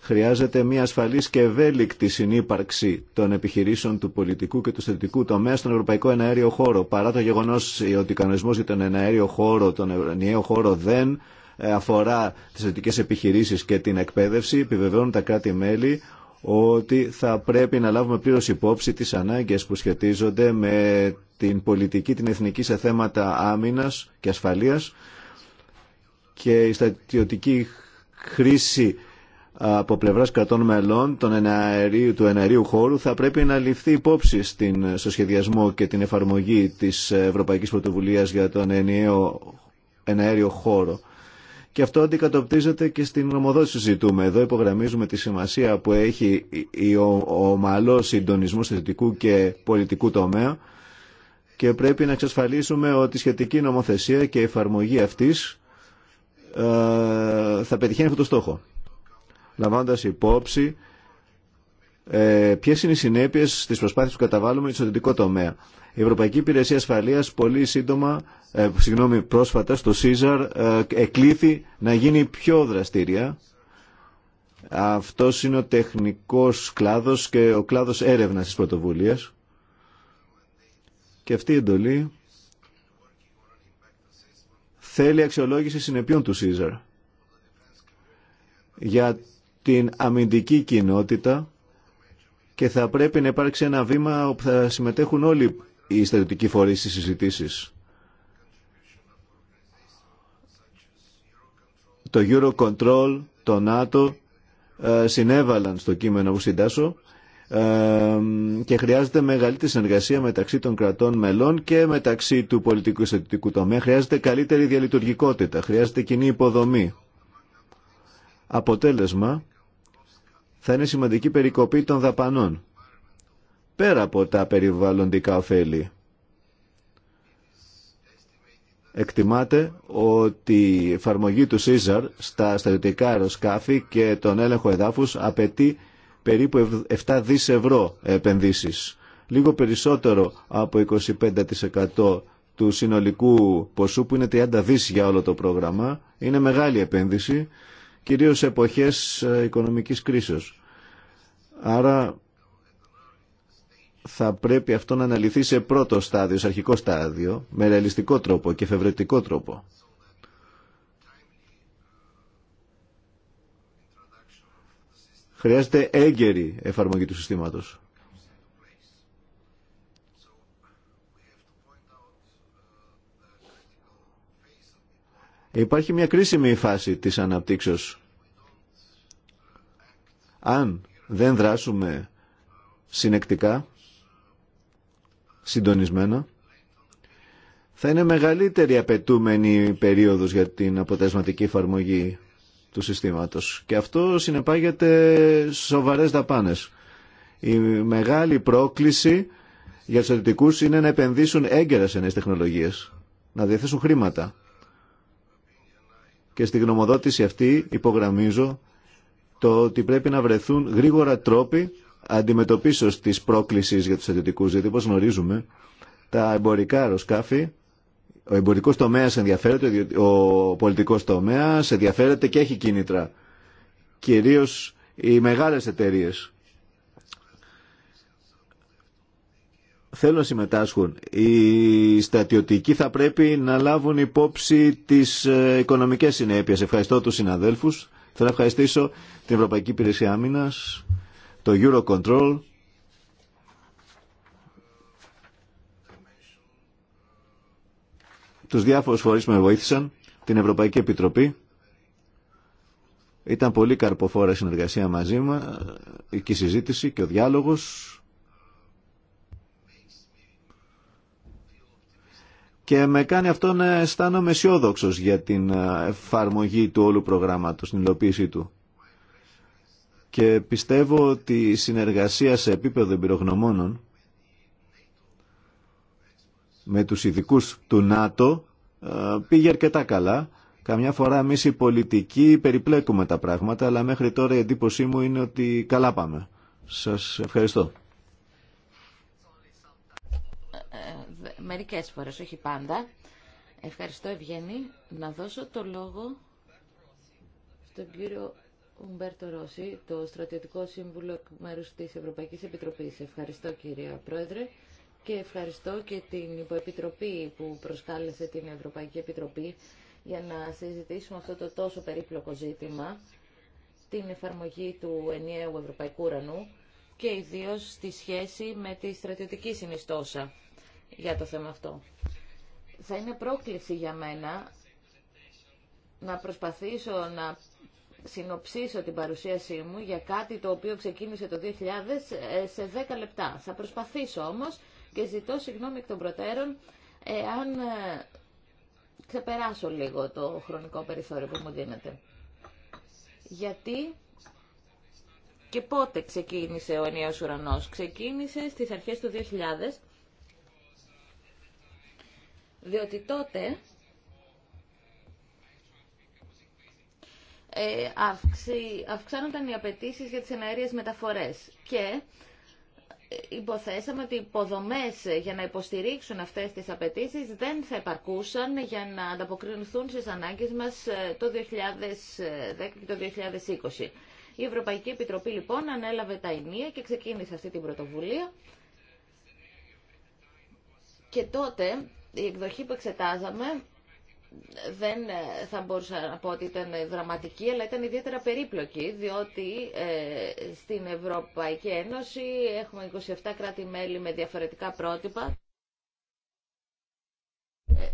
Χρειάζεται μια ασφαλής και ευέλικτη συνύπαρξη των επιχειρήσεων του πολιτικού και του στρατιωτικού τομέα στον ευρωπαϊκό εναέριο χώρο. Παρά το γεγονός ότι ο κανονισμός για τον εναέριο χώρο, τον ενιαίο χώρο δεν ε, αφορά τις στρατιωτικές επιχειρήσεις και την εκπαίδευση, επιβεβαιώνουν τα κράτη-μέλη ότι θα πρέπει να λάβουμε πλήρως υπόψη τις ανάγκες που σχετίζονται με την πολιτική, την εθνική σε θέματα άμυνας και ασφαλείας και η στατιωτική χρήση από πλευράς κρατών μελών των εναερίου, του εναερίου χώρου θα πρέπει να ληφθεί υπόψη στην, στο σχεδιασμό και την εφαρμογή της Ευρωπαϊκής Πρωτοβουλίας για τον ενιαίο εναέριο χώρο. Και αυτό αντικατοπτρίζεται και στην νομοδότηση που συζητούμε. Εδώ υπογραμμίζουμε τη σημασία που έχει ο ομαλός συντονισμός θετικού και πολιτικού τομέα και πρέπει να εξασφαλίσουμε ότι η σχετική νομοθεσία και η εφαρμογή αυτής ε, θα πετυχαίνει αυτό το στόχο. Λαμβάνοντας υπόψη ε, ποιε είναι οι συνέπειε τη προσπάθεια που καταβάλουμε στο δυτικό τομέα. Η Ευρωπαϊκή Υπηρεσία Ασφαλεία πολύ σύντομα, ε, συγγνώμη, πρόσφατα στο ΣΥΖΑΡ ε, εκλήθη να γίνει πιο δραστήρια. Αυτό είναι ο τεχνικό κλάδο και ο κλάδο έρευνα τη πρωτοβουλία. Και αυτή η εντολή θέλει αξιολόγηση συνεπειών του ΣΥΖΑΡ για την αμυντική κοινότητα και θα πρέπει να υπάρξει ένα βήμα όπου θα συμμετέχουν όλοι οι στρατιωτικοί φορείς στις συζητήσεις. Το Eurocontrol, το ΝΑΤΟ ε, συνέβαλαν στο κείμενο που συντάσσω ε, και χρειάζεται μεγαλύτερη συνεργασία μεταξύ των κρατών μελών και μεταξύ του πολιτικού και τομέα. Χρειάζεται καλύτερη διαλειτουργικότητα, χρειάζεται κοινή υποδομή. Αποτέλεσμα, θα είναι σημαντική περικοπή των δαπανών, πέρα από τα περιβαλλοντικά ωφέλη. Εκτιμάται ότι η εφαρμογή του ΣΥΖΑΡ στα στρατιωτικά αεροσκάφη και τον έλεγχο εδάφους απαιτεί περίπου 7 δις ευρώ επενδύσεις. Λίγο περισσότερο από 25% του συνολικού ποσού που είναι 30 δις για όλο το πρόγραμμα. Είναι μεγάλη επένδυση κυρίως σε εποχές ε, οικονομικής κρίσεως. Άρα θα πρέπει αυτό να αναλυθεί σε πρώτο στάδιο, σε αρχικό στάδιο, με ρεαλιστικό τρόπο και φευρετικό τρόπο. Χρειάζεται έγκαιρη εφαρμογή του συστήματος. Υπάρχει μια κρίσιμη φάση της αναπτύξεως. Αν δεν δράσουμε συνεκτικά, συντονισμένα, θα είναι μεγαλύτερη απαιτούμενη περίοδος για την αποτελεσματική εφαρμογή του συστήματος. Και αυτό συνεπάγεται σοβαρές δαπάνες. Η μεγάλη πρόκληση για τους αθλητικούς είναι να επενδύσουν έγκαιρα σε νέες τεχνολογίες, να διαθέσουν χρήματα. Και στη γνωμοδότηση αυτή υπογραμμίζω το ότι πρέπει να βρεθούν γρήγορα τρόποι αντιμετωπίσεως της πρόκλησης για τους στρατιωτικούς, γιατί όπω γνωρίζουμε τα εμπορικά αεροσκάφη ο εμπορικό τομέα ενδιαφέρεται, ο πολιτικό τομέα ενδιαφέρεται και έχει κίνητρα. Κυρίω οι μεγάλε εταιρείε θέλουν να συμμετάσχουν. Οι στατιωτικοί θα πρέπει να λάβουν υπόψη τις ε, οικονομικές συνέπειες. Ευχαριστώ τους συναδέλφους. Θέλω να ευχαριστήσω την Ευρωπαϊκή Υπηρεσία Άμυνας, το Eurocontrol, τους διάφορους φορείς που με βοήθησαν, την Ευρωπαϊκή Επιτροπή. Ήταν πολύ καρποφόρα η συνεργασία μαζί μας, ε, και η συζήτηση και ο διάλογος. και με κάνει αυτό να αισθάνομαι αισιόδοξο για την ε, εφαρμογή του όλου προγράμματος, την υλοποίησή του. Και πιστεύω ότι η συνεργασία σε επίπεδο εμπειρογνωμόνων με τους ειδικού του ΝΑΤΟ ε, πήγε αρκετά καλά. Καμιά φορά εμεί οι πολιτικοί περιπλέκουμε τα πράγματα, αλλά μέχρι τώρα η εντύπωσή μου είναι ότι καλά πάμε. Σας ευχαριστώ. μερικές φορές, όχι πάντα. Ευχαριστώ, Ευγένη. Να δώσω το λόγο στον κύριο Ουμπέρτο Ρώση, το Στρατιωτικό Σύμβουλο μέρους της Ευρωπαϊκής Επιτροπής. Ευχαριστώ, κύριε Πρόεδρε. Και ευχαριστώ και την υποεπιτροπή που προσκάλεσε την Ευρωπαϊκή Επιτροπή για να συζητήσουμε αυτό το τόσο περίπλοκο ζήτημα, την εφαρμογή του ενιαίου Ευρωπαϊκού Ουρανού και ιδίως στη σχέση με τη στρατιωτική συνιστόσα για το θέμα αυτό. Θα είναι πρόκληση για μένα να προσπαθήσω να συνοψίσω την παρουσίασή μου για κάτι το οποίο ξεκίνησε το 2000 ε, σε 10 λεπτά. Θα προσπαθήσω όμως και ζητώ συγγνώμη εκ των προτέρων εάν ε, ξεπεράσω λίγο το χρονικό περιθώριο που μου δίνεται. Γιατί και πότε ξεκίνησε ο ενιαίος ουρανός. Ξεκίνησε στις αρχές του 2000 διότι τότε ε, αυξάνονταν οι απαιτήσει για τις εναέριες μεταφορές και ε, υποθέσαμε ότι οι υποδομές για να υποστηρίξουν αυτές τις απαιτήσει δεν θα επαρκούσαν για να ανταποκρινθούν στις ανάγκες μας ε, το 2010 και το 2020. Η Ευρωπαϊκή Επιτροπή λοιπόν ανέλαβε τα ενία και ξεκίνησε αυτή την πρωτοβουλία και τότε η εκδοχή που εξετάζαμε δεν ε, θα μπορούσα να πω ότι ήταν δραματική, αλλά ήταν ιδιαίτερα περίπλοκη, διότι ε, στην Ευρωπαϊκή Ένωση έχουμε 27 κράτη-μέλη με διαφορετικά πρότυπα. Ε,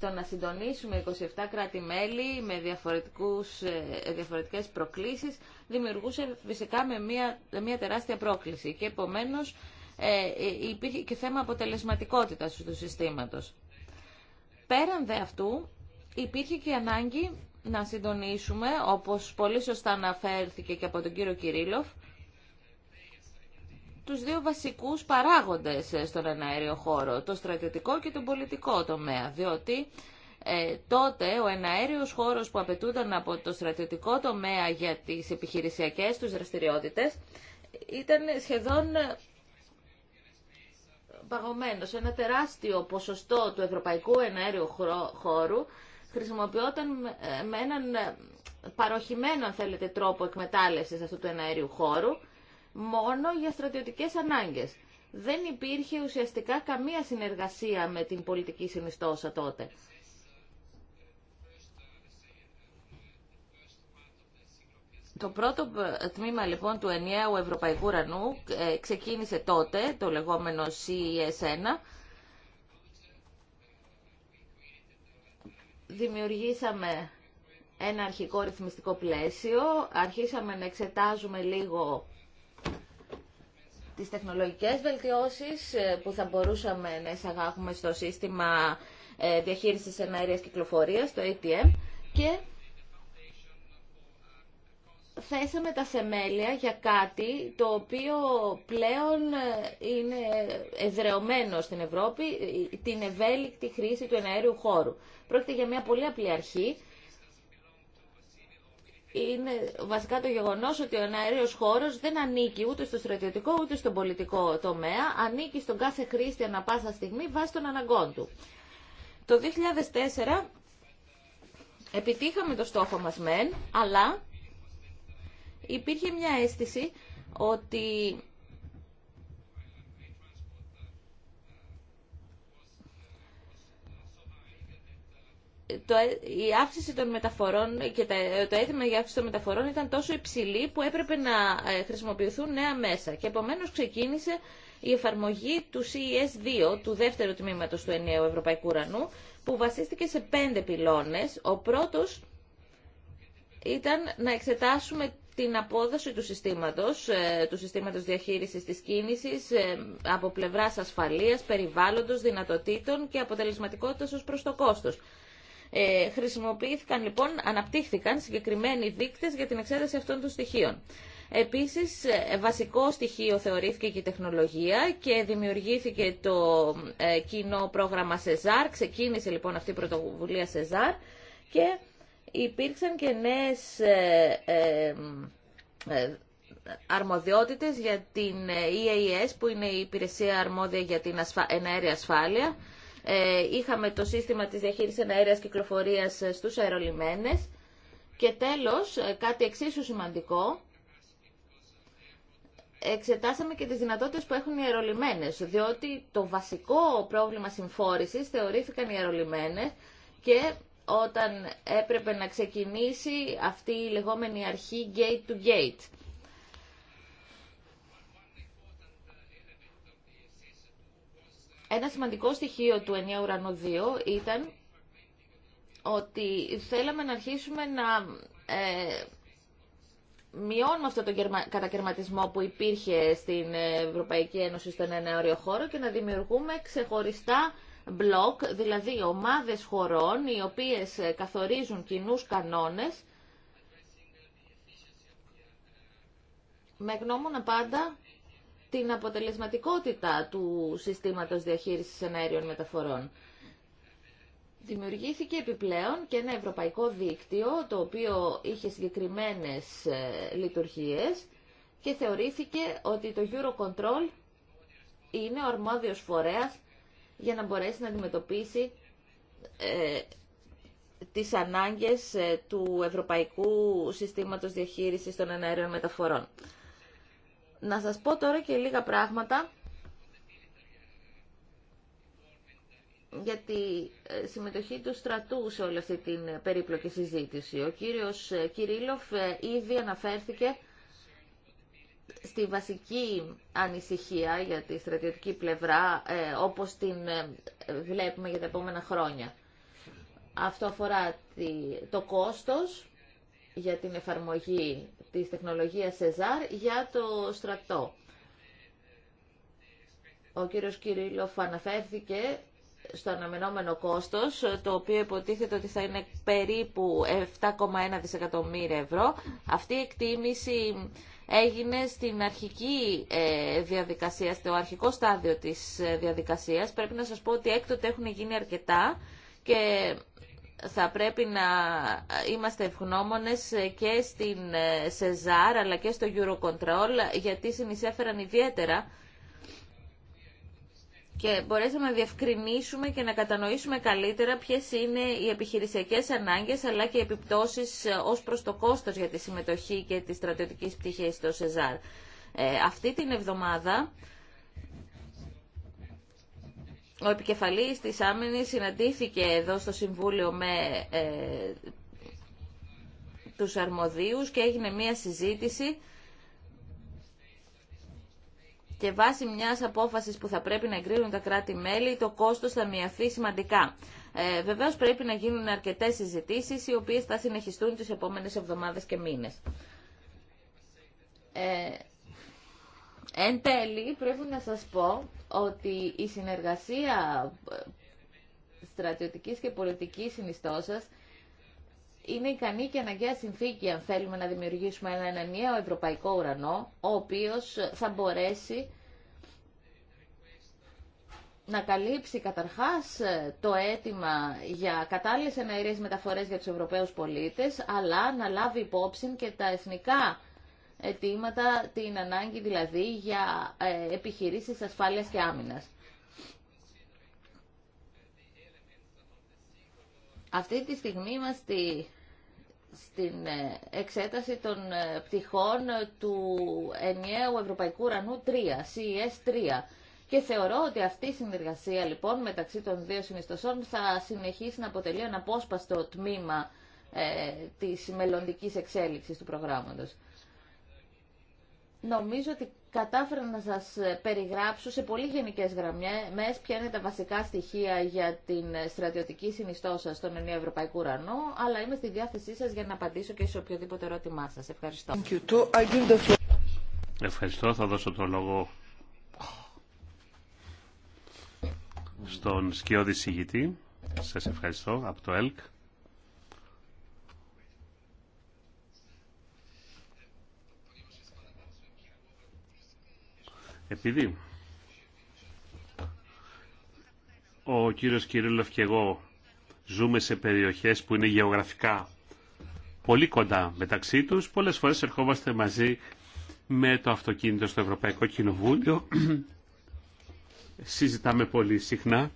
το να συντονίσουμε 27 κράτη-μέλη με διαφορετικούς, διαφορετικές προκλήσεις δημιουργούσε φυσικά με μια, μια τεράστια πρόκληση και επομένως ε, ε, υπήρχε και θέμα αποτελεσματικότητας του συστήματος. Πέραν δε αυτού, υπήρχε και ανάγκη να συντονίσουμε, όπως πολύ σωστά αναφέρθηκε και από τον κύριο Κυρίλοφ, τους δύο βασικούς παράγοντες ε, στον εναέριο χώρο, το στρατιωτικό και το πολιτικό τομέα, διότι ε, τότε ο εναέριος χώρος που απαιτούνταν από το στρατιωτικό τομέα για τις επιχειρησιακές τους δραστηριότητες ήταν σχεδόν ένα τεράστιο ποσοστό του ευρωπαϊκού εναέριου χώρου χρησιμοποιόταν με έναν ε, παροχημένο, θέλετε, τρόπο εκμετάλλευση αυτού του εναέριου χώρου, μόνο για στρατιωτικέ ανάγκες. Δεν υπήρχε ουσιαστικά καμία συνεργασία με την πολιτική συνιστόσα τότε. Το πρώτο τμήμα λοιπόν του ενιαίου ευρωπαϊκού ουρανού ε, ξεκίνησε τότε, το λεγόμενο CES1, δημιουργήσαμε ένα αρχικό ρυθμιστικό πλαίσιο, αρχίσαμε να εξετάζουμε λίγο τις τεχνολογικές βελτιώσεις ε, που θα μπορούσαμε να εισαγάγουμε στο σύστημα ε, διαχείρισης εναέριας κυκλοφορίας, το ATM, και θέσαμε τα θεμέλια για κάτι το οποίο πλέον ε, είναι εδρεωμένο στην Ευρώπη, ε, ε, την ευέλικτη χρήση του εναέριου χώρου. Πρόκειται για μια πολύ απλή αρχή. Είναι βασικά το γεγονός ότι ο εναέριος χώρος δεν ανήκει ούτε στο στρατιωτικό ούτε στον πολιτικό τομέα, ανήκει στον κάθε χρήστη ανα πάσα στιγμή βάσει των αναγκών του. Το 2004 επιτύχαμε το στόχο μας μεν, αλλά υπήρχε μια αίσθηση ότι το, η αύξηση των μεταφορών και το αίτημα για αύξηση των μεταφορών ήταν τόσο υψηλή που έπρεπε να ε, χρησιμοποιηθούν νέα μέσα. Και επομένως ξεκίνησε η εφαρμογή του CES2, του δεύτερου τμήματος του ενιαίου Ευρωπαϊκού Ουρανού, που βασίστηκε σε πέντε πυλώνες. Ο πρώτος ήταν να εξετάσουμε την απόδοση του συστήματος, ε, του συστήματος διαχείρισης της κίνησης ε, από πλευράς ασφαλείας, περιβάλλοντος, δυνατοτήτων και αποτελεσματικότητας ως προς το κόστος. Ε, χρησιμοποιήθηκαν λοιπόν, αναπτύχθηκαν συγκεκριμένοι δείκτες για την εξέταση αυτών των στοιχείων. Επίσης, ε, βασικό στοιχείο θεωρήθηκε και η τεχνολογία και δημιουργήθηκε το κοινό πρόγραμμα ΣΕΖΑΡ. Ξεκίνησε λοιπόν αυτή η πρωτοβουλία ΣΕΖΑΡ και υπήρξαν και νέες ε, ε, ε, αρμοδιότητες για την EAS που είναι η υπηρεσία αρμόδια για την ασφα... ασφάλεια. Είχαμε το σύστημα της διαχείρισης εναέρειας κυκλοφορίας στους αερολιμένες. Και τέλος, κάτι εξίσου σημαντικό, εξετάσαμε και τις δυνατότητες που έχουν οι αερολιμένες, διότι το βασικό πρόβλημα συμφόρησης θεωρήθηκαν οι αερολιμένες και όταν έπρεπε να ξεκινήσει αυτή η λεγόμενη αρχή gate to gate. Ένα σημαντικό στοιχείο του 9 ουρανού 2 ήταν ότι θέλαμε να αρχίσουμε να ε, μειώνουμε αυτό τον κατακαιρματισμό που υπήρχε στην Ευρωπαϊκή Ένωση στον ενέωριο χώρο και να δημιουργούμε ξεχωριστά μπλοκ, δηλαδή ομάδες χωρών οι οποίες ε, καθορίζουν κοινού κανόνες με γνώμονα πάντα την αποτελεσματικότητα του συστήματος διαχείρισης εναέριων μεταφορών. Δημιουργήθηκε επιπλέον και ένα ευρωπαϊκό δίκτυο, το οποίο είχε συγκεκριμένες ε, λειτουργίες και θεωρήθηκε ότι το Eurocontrol είναι ο αρμόδιος φορέας για να μπορέσει να αντιμετωπίσει ε, τις ανάγκες ε, του Ευρωπαϊκού Συστήματος Διαχείρισης των Εναέριων Μεταφορών. Να σας πω τώρα και λίγα πράγματα για τη ε, συμμετοχή του στρατού σε όλη αυτή την περίπλοκη συζήτηση. Ο κύριος ε, Κυρίλοφ ήδη αναφέρθηκε στη βασική ανησυχία για τη στρατιωτική πλευρά, ε, όπως την ε, βλέπουμε για τα επόμενα χρόνια. Αυτό αφορά το κόστος για την εφαρμογή της τεχνολογίας ΣΕΖΑΡ για το στρατό. Ο κύριος Κυρίλοφ αναφέρθηκε στο αναμενόμενο κόστος, το οποίο υποτίθεται ότι θα είναι περίπου 7,1 δισεκατομμύρια ευρώ. Αυτή η εκτίμηση έγινε στην αρχική ε, διαδικασία, στο αρχικό στάδιο της ε, διαδικασίας. Πρέπει να σας πω ότι έκτοτε έχουν γίνει αρκετά και θα πρέπει να είμαστε ευγνώμονες ε, και στην ΣΕΖΑΡ αλλά και στο Eurocontrol γιατί συνεισέφεραν ιδιαίτερα και μπορέσαμε να διευκρινίσουμε και να κατανοήσουμε καλύτερα ποιες είναι οι επιχειρησιακές ανάγκες αλλά και οι επιπτώσεις ε, ως προς το κόστος για τη συμμετοχή και τη στρατιωτική πτυχές στο ΣΕΖΑΡ. Ε, αυτή την εβδομάδα ο επικεφαλής της Άμενης συναντήθηκε εδώ στο Συμβούλιο με ε, τους αρμοδίους και έγινε μία συζήτηση και βάσει μιας απόφασης που θα πρέπει να εγκρίνουν τα κράτη-μέλη, το κόστος θα μειωθεί σημαντικά. Ε, βεβαίως πρέπει να γίνουν αρκετές συζητήσεις, οι οποίες θα συνεχιστούν τις επόμενες εβδομάδες και μήνες. Ε, εν τέλει, πρέπει να σας πω ότι η συνεργασία ε, στρατιωτικής και πολιτικής συνιστώσας είναι ικανή και αναγκαία συνθήκη αν θέλουμε να δημιουργήσουμε ένα νέο ευρωπαϊκό ουρανό, ο οποίος θα μπορέσει να καλύψει καταρχάς το αίτημα για κατάλληλες εναερίες μεταφορές για τους Ευρωπαίους πολίτες, αλλά να λάβει υπόψη και τα εθνικά αιτήματα, την ανάγκη δηλαδή για ε, επιχειρήσεις ασφάλειας και άμυνας. Αυτή τη στιγμή είμαστε στην ε, εξέταση των ε, πτυχών ε, του ενιαίου Ευρωπαϊκού Ρανού 3, CES 3. Και θεωρώ ότι αυτή η συνεργασία λοιπόν μεταξύ των δύο συνιστοσών θα συνεχίσει να αποτελεί ένα απόσπαστο τμήμα της μελλοντική εξέλιξης του προγράμματος. Νομίζω ότι κατάφερα να σας ε, περιγράψω σε πολύ γενικές γραμμές ποια είναι τα βασικά στοιχεία για την ε, στρατιωτική συνιστόσα στον Ενίο Ευρωπαϊκό Ουρανό, αλλά είμαι στη διάθεσή σας για να απαντήσω και σε οποιοδήποτε ερώτημά σας. Ευχαριστώ. Ευχαριστώ. Θα δώσω το λόγο στον σκιώδη συγητή. Σας ευχαριστώ από το ΕΛΚ. Επειδή ο κύριος Κυρίλοφ και εγώ ζούμε σε περιοχές που είναι γεωγραφικά πολύ κοντά μεταξύ τους, πολλές φορές ερχόμαστε μαζί με το αυτοκίνητο στο Ευρωπαϊκό Κοινοβούλιο. Συζητάμε πολύ συχνά.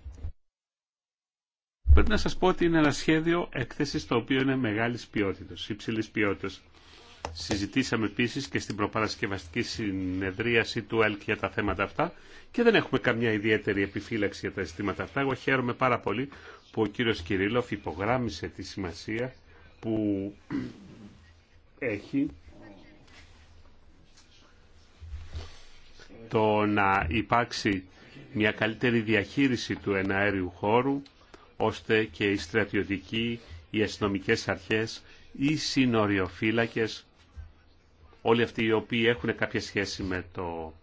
Πρέπει να σας πω ότι είναι ένα σχέδιο έκθεσης το οποίο είναι μεγάλης ποιότητας, υψηλής ποιότητας. Συζητήσαμε επίση και στην προπαρασκευαστική συνεδρίαση του ΕΛΚ για τα θέματα αυτά και δεν έχουμε καμιά ιδιαίτερη επιφύλαξη για τα ζητήματα αυτά. Εγώ χαίρομαι πάρα πολύ που ο κύριος Κυρίλοφ υπογράμμισε τη σημασία που έχει το να υπάρξει μια καλύτερη διαχείριση του εναέριου χώρου ώστε και οι στρατιωτικοί, οι αστυνομικές αρχές, οι συνοριοφύλακες όλοι αυτοί οι οποίοι έχουν κάποια σχέση με το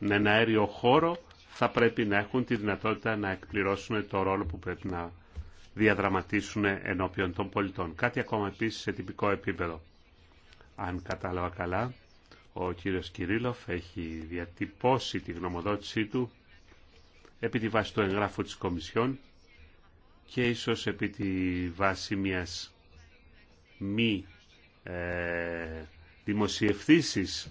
ένα αέριο χώρο θα πρέπει να έχουν τη δυνατότητα να εκπληρώσουν το ρόλο που πρέπει να διαδραματίσουν ενώπιον των πολιτών. Κάτι ακόμα επίσης σε τυπικό επίπεδο. Αν κατάλαβα καλά, ο κύριος Κυρίλοφ έχει διατυπώσει τη γνωμοδότησή του επί τη βάση του εγγράφου της Κομισιόν και ίσως επί τη βάση μιας μη ε, δημοσιευθήσεις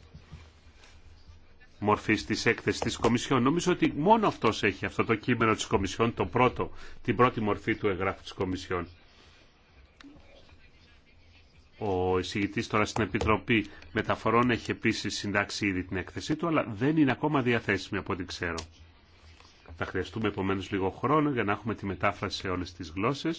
μορφής της έκθεσης της Κομισιόν. Νομίζω ότι μόνο αυτός έχει αυτό το κείμενο της Κομισιόν, το πρώτο, την πρώτη μορφή του εγγράφου της Κομισιόν. Ο εισηγητή τώρα στην Επιτροπή Μεταφορών έχει επίση συντάξει ήδη την έκθεσή του, αλλά δεν είναι ακόμα διαθέσιμη από ό,τι ξέρω. Θα χρειαστούμε επομένω λίγο χρόνο για να έχουμε τη μετάφραση σε όλε τι γλώσσε.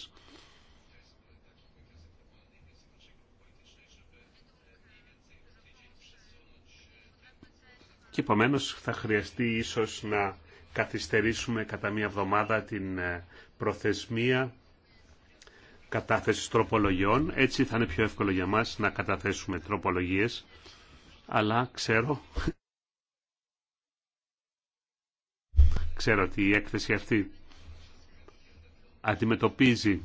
και επομένως θα χρειαστεί ίσως να καθυστερήσουμε κατά μία εβδομάδα την ε, προθεσμία κατάθεσης τροπολογιών. Έτσι θα είναι πιο εύκολο για μας να καταθέσουμε τροπολογίες, αλλά ξέρω... Ξέρω ότι η έκθεση αυτή αντιμετωπίζει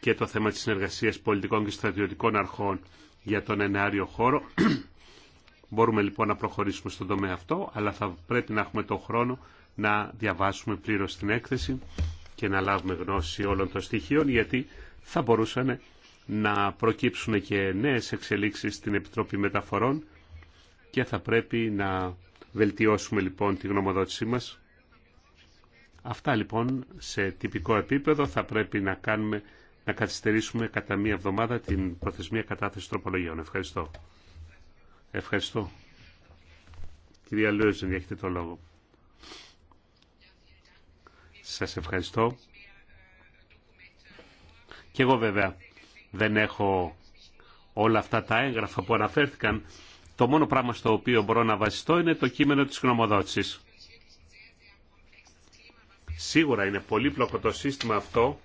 και το θέμα της συνεργασίας πολιτικών και στρατιωτικών αρχών για τον ενάριο χώρο Μπορούμε λοιπόν να προχωρήσουμε στον τομέα αυτό, αλλά θα πρέπει να έχουμε τον χρόνο να διαβάσουμε πλήρως την έκθεση και να λάβουμε γνώση όλων των στοιχείων, γιατί θα μπορούσαν να προκύψουν και νέες εξελίξεις στην Επιτροπή Μεταφορών και θα πρέπει να βελτιώσουμε λοιπόν τη γνωμοδότησή μας. Αυτά λοιπόν σε τυπικό επίπεδο θα πρέπει να κάνουμε να καθυστερήσουμε κατά μία εβδομάδα την προθεσμία κατάθεση τροπολογιών. Ευχαριστώ. Ευχαριστώ. Κυρία Λόιζεν, έχετε το λόγο. Σας ευχαριστώ. Και εγώ βέβαια δεν έχω όλα αυτά τα έγγραφα που αναφέρθηκαν. Το μόνο πράγμα στο οποίο μπορώ να βασιστώ είναι το κείμενο της γνωμοδότησης. Σίγουρα είναι πολύπλοκο το σύστημα αυτό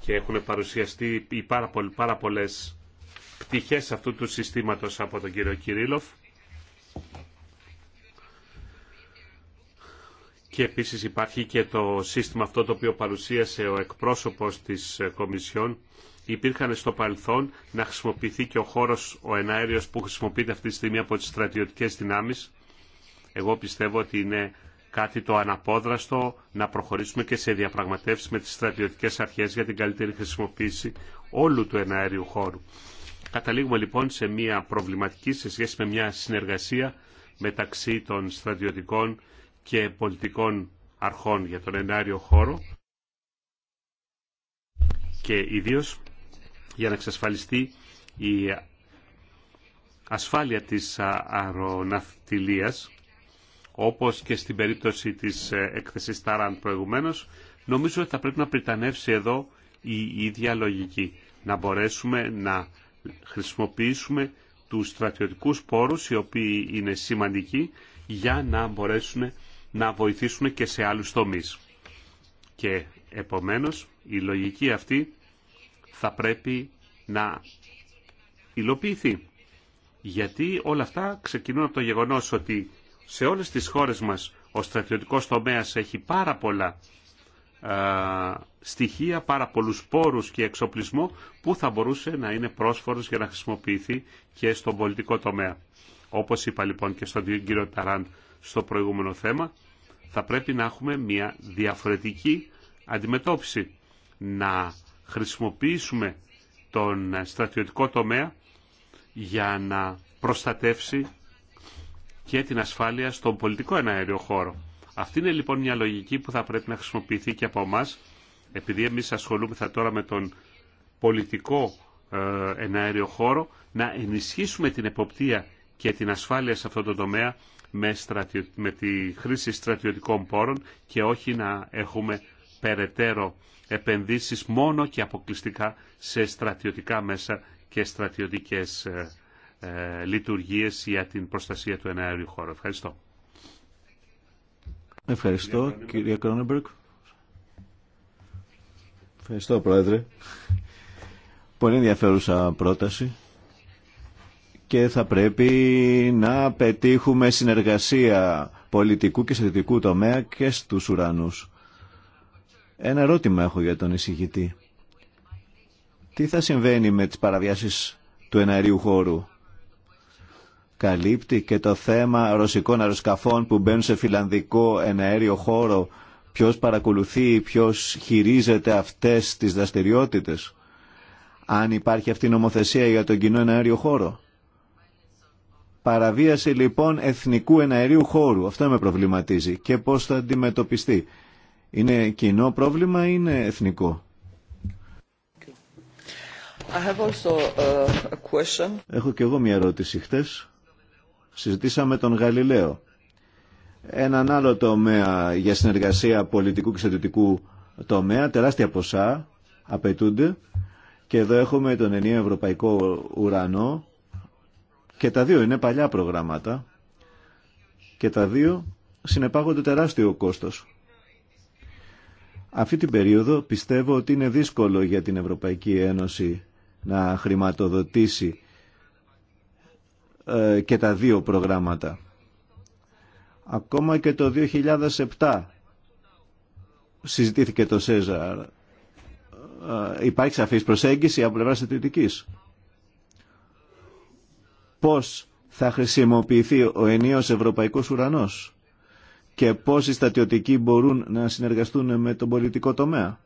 και έχουν παρουσιαστεί οι πάρα, πολλές πτυχές αυτού του συστήματος από τον κύριο Κυρίλοφ. Και επίσης υπάρχει και το σύστημα αυτό το οποίο παρουσίασε ο εκπρόσωπος της Κομισιόν. Υπήρχαν στο παρελθόν να χρησιμοποιηθεί και ο χώρος, ο εναέριος που χρησιμοποιείται αυτή τη στιγμή από τις στρατιωτικές δυνάμεις. Εγώ πιστεύω ότι είναι κάτι το αναπόδραστο να προχωρήσουμε και σε διαπραγματεύσεις με τις στρατιωτικές αρχές για την καλύτερη χρησιμοποίηση όλου του εναέριου χώρου. Καταλήγουμε λοιπόν σε μια προβληματική σε σχέση με μια συνεργασία μεταξύ των στρατιωτικών και πολιτικών αρχών για τον ενάριο χώρο και ιδίως για να εξασφαλιστεί η ασφάλεια της αεροναυτιλίας όπως και στην περίπτωση της ε, έκθεσης Τάραν προηγουμένως νομίζω ότι θα πρέπει να πριτανεύσει εδώ η ίδια λογική να μπορέσουμε να χρησιμοποιήσουμε τους στρατιωτικούς πόρους οι οποίοι είναι σημαντικοί για να μπορέσουν να βοηθήσουν και σε άλλους τομείς. Και επομένως η λογική αυτή θα πρέπει να υλοποιηθεί. Γιατί όλα αυτά ξεκινούν από το γεγονός ότι σε όλες τις χώρες μας ο στρατιωτικός τομέας έχει πάρα πολλά ε, στοιχεία, πάρα πολλού πόρου και εξοπλισμό που θα μπορούσε να είναι πρόσφορος για να χρησιμοποιηθεί και στον πολιτικό τομέα. Όπως είπα λοιπόν και στον κύριο Ταράν στο προηγούμενο θέμα, θα πρέπει να έχουμε μια διαφορετική αντιμετώπιση. Να χρησιμοποιήσουμε τον στρατιωτικό τομέα για να προστατεύσει και την ασφάλεια στον πολιτικό εναέριο χώρο. Αυτή είναι λοιπόν μια λογική που θα πρέπει να χρησιμοποιηθεί και από εμά, επειδή εμείς ασχολούμεθα τώρα με τον πολιτικό ε, εναέριο χώρο, να ενισχύσουμε την εποπτεία και την ασφάλεια σε αυτό το τομέα με, στρατιω... με τη χρήση στρατιωτικών πόρων και όχι να έχουμε περαιτέρω επενδύσεις μόνο και αποκλειστικά σε στρατιωτικά μέσα και στρατιωτικές ε, ε λειτουργίες για την προστασία του εναέριου χώρου. Ευχαριστώ. Ευχαριστώ, κύριε Κρόνεμπερκ. Ευχαριστώ, Πρόεδρε. Πολύ ενδιαφέρουσα πρόταση και θα πρέπει να πετύχουμε συνεργασία πολιτικού και σχετικού τομέα και στους ουρανούς. Ένα ερώτημα έχω για τον εισηγητή. Τι θα συμβαίνει με τις παραβιάσεις του εναερίου χώρου καλύπτει και το θέμα ρωσικών αεροσκαφών που μπαίνουν σε φιλανδικό εναέριο χώρο. Ποιος παρακολουθεί, ποιος χειρίζεται αυτές τις δραστηριότητες. Αν υπάρχει αυτή η νομοθεσία για τον κοινό εναέριο χώρο. Παραβίαση λοιπόν εθνικού εναερίου χώρου. Αυτό με προβληματίζει. Και πώς θα αντιμετωπιστεί. Είναι κοινό πρόβλημα ή είναι εθνικό. Uh, Έχω και εγώ μια ερώτηση χτες συζητήσαμε τον Γαλιλαίο. Έναν άλλο τομέα για συνεργασία πολιτικού και στρατιωτικού τομέα, τεράστια ποσά απαιτούνται και εδώ έχουμε τον ενιαίο ευρωπαϊκό ουρανό και τα δύο είναι παλιά προγράμματα και τα δύο συνεπάγονται τεράστιο κόστος. Αυτή την περίοδο πιστεύω ότι είναι δύσκολο για την Ευρωπαϊκή Ένωση να χρηματοδοτήσει ε, και τα δύο προγράμματα. Ακόμα και το 2007 συζητήθηκε το ΣΕΖΑΡ. Ε, υπάρχει σαφής προσέγγιση από πλευρά θετικής. Πώς θα χρησιμοποιηθεί ο ενίος ευρωπαϊκός ουρανός και πώς οι στατιωτικοί μπορούν να συνεργαστούν με τον πολιτικό τομέα.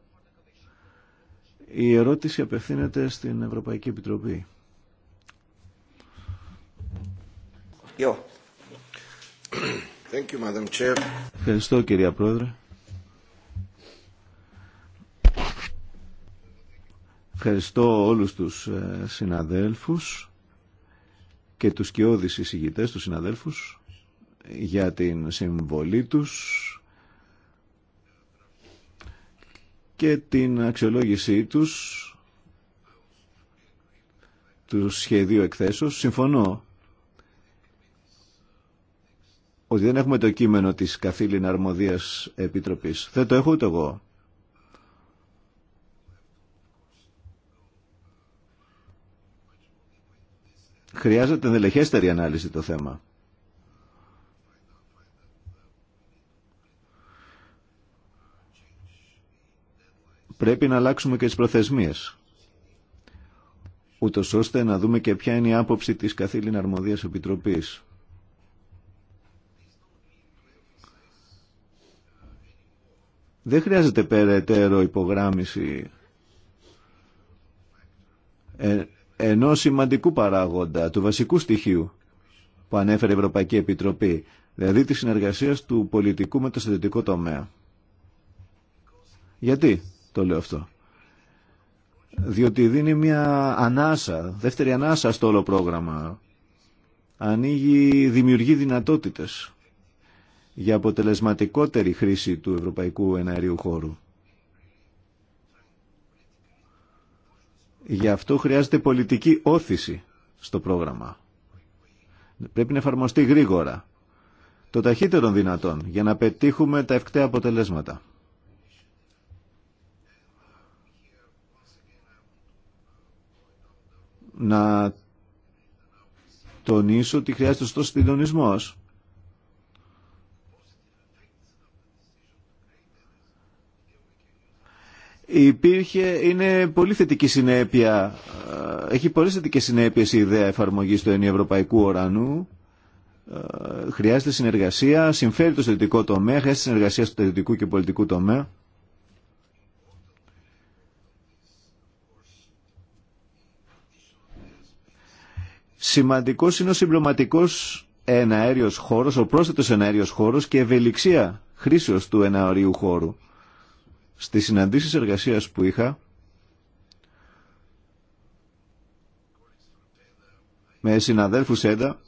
Η ερώτηση απευθύνεται στην Ευρωπαϊκή Επιτροπή. Ευχαριστώ κυρία Πρόεδρε. Ευχαριστώ όλους τους ε, συναδέλφους και τους κοιόδης εισηγητές, τους συναδέλφους, για την συμβολή τους και την αξιολόγησή τους του σχεδίου εκθέσεως. Συμφωνώ ότι δεν έχουμε το κείμενο της καθήλυνα αρμοδίας επιτροπής. Δεν το έχω ούτε εγώ. Χρειάζεται ενδελεχέστερη ανάλυση το θέμα. Πρέπει να αλλάξουμε και τις προθεσμίες, ούτως ώστε να δούμε και ποια είναι η άποψη της καθήλυνα αρμοδίας επιτροπής. Δεν χρειάζεται περαιτέρω υπογράμμιση ε, ενό σημαντικού παράγοντα, του βασικού στοιχείου που ανέφερε η Ευρωπαϊκή Επιτροπή, δηλαδή της συνεργασίας του πολιτικού με το στρατιωτικό τομέα. Γιατί το λέω αυτό. Διότι δίνει μια ανάσα, δεύτερη ανάσα στο όλο πρόγραμμα. Ανοίγει, δημιουργεί δυνατότητες για αποτελεσματικότερη χρήση του ευρωπαϊκού εναερίου χώρου. Γι' αυτό χρειάζεται πολιτική όθηση στο πρόγραμμα. Πρέπει να εφαρμοστεί γρήγορα, το ταχύτερο δυνατόν, για να πετύχουμε τα ευκταία αποτελέσματα. Να τονίσω ότι χρειάζεται ωστόσο συντονισμός υπήρχε, είναι πολύ θετική συνέπεια, ε, έχει πολλές θετικέ συνέπειες η ιδέα εφαρμογή του ΕΕ, Χρειάζεται συνεργασία, συμφέρει το στρατιωτικό τομέα, χρειάζεται συνεργασία στο στρατιωτικού και πολιτικού τομέα. Σημαντικός είναι ο συμπληρωματικός εναέριος χώρος, ο πρόσθετος εναέριος χώρος και ευελιξία χρήσεως του εναερίου χώρου. Στις συναντήσεις εργασίας που είχα με συναδέλφους έντα,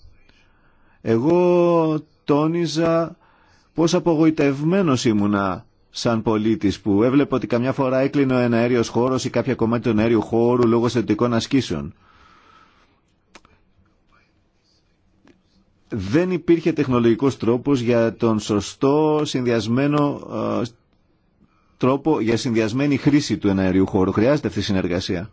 εγώ τόνιζα πώς απογοητευμένος ήμουνα σαν πολίτης που έβλεπε ότι καμιά φορά έκλεινε ο εναέριος χώρος ή κάποια κομμάτι του εναέριου χώρου λόγω θετικών ασκήσεων. δεν υπήρχε τεχνολογικός τρόπος για τον σωστό συνδυασμένο ε, τρόπο για συνδυασμένη χρήση του εναερίου χώρου. Χρειάζεται αυτή η συνεργασία.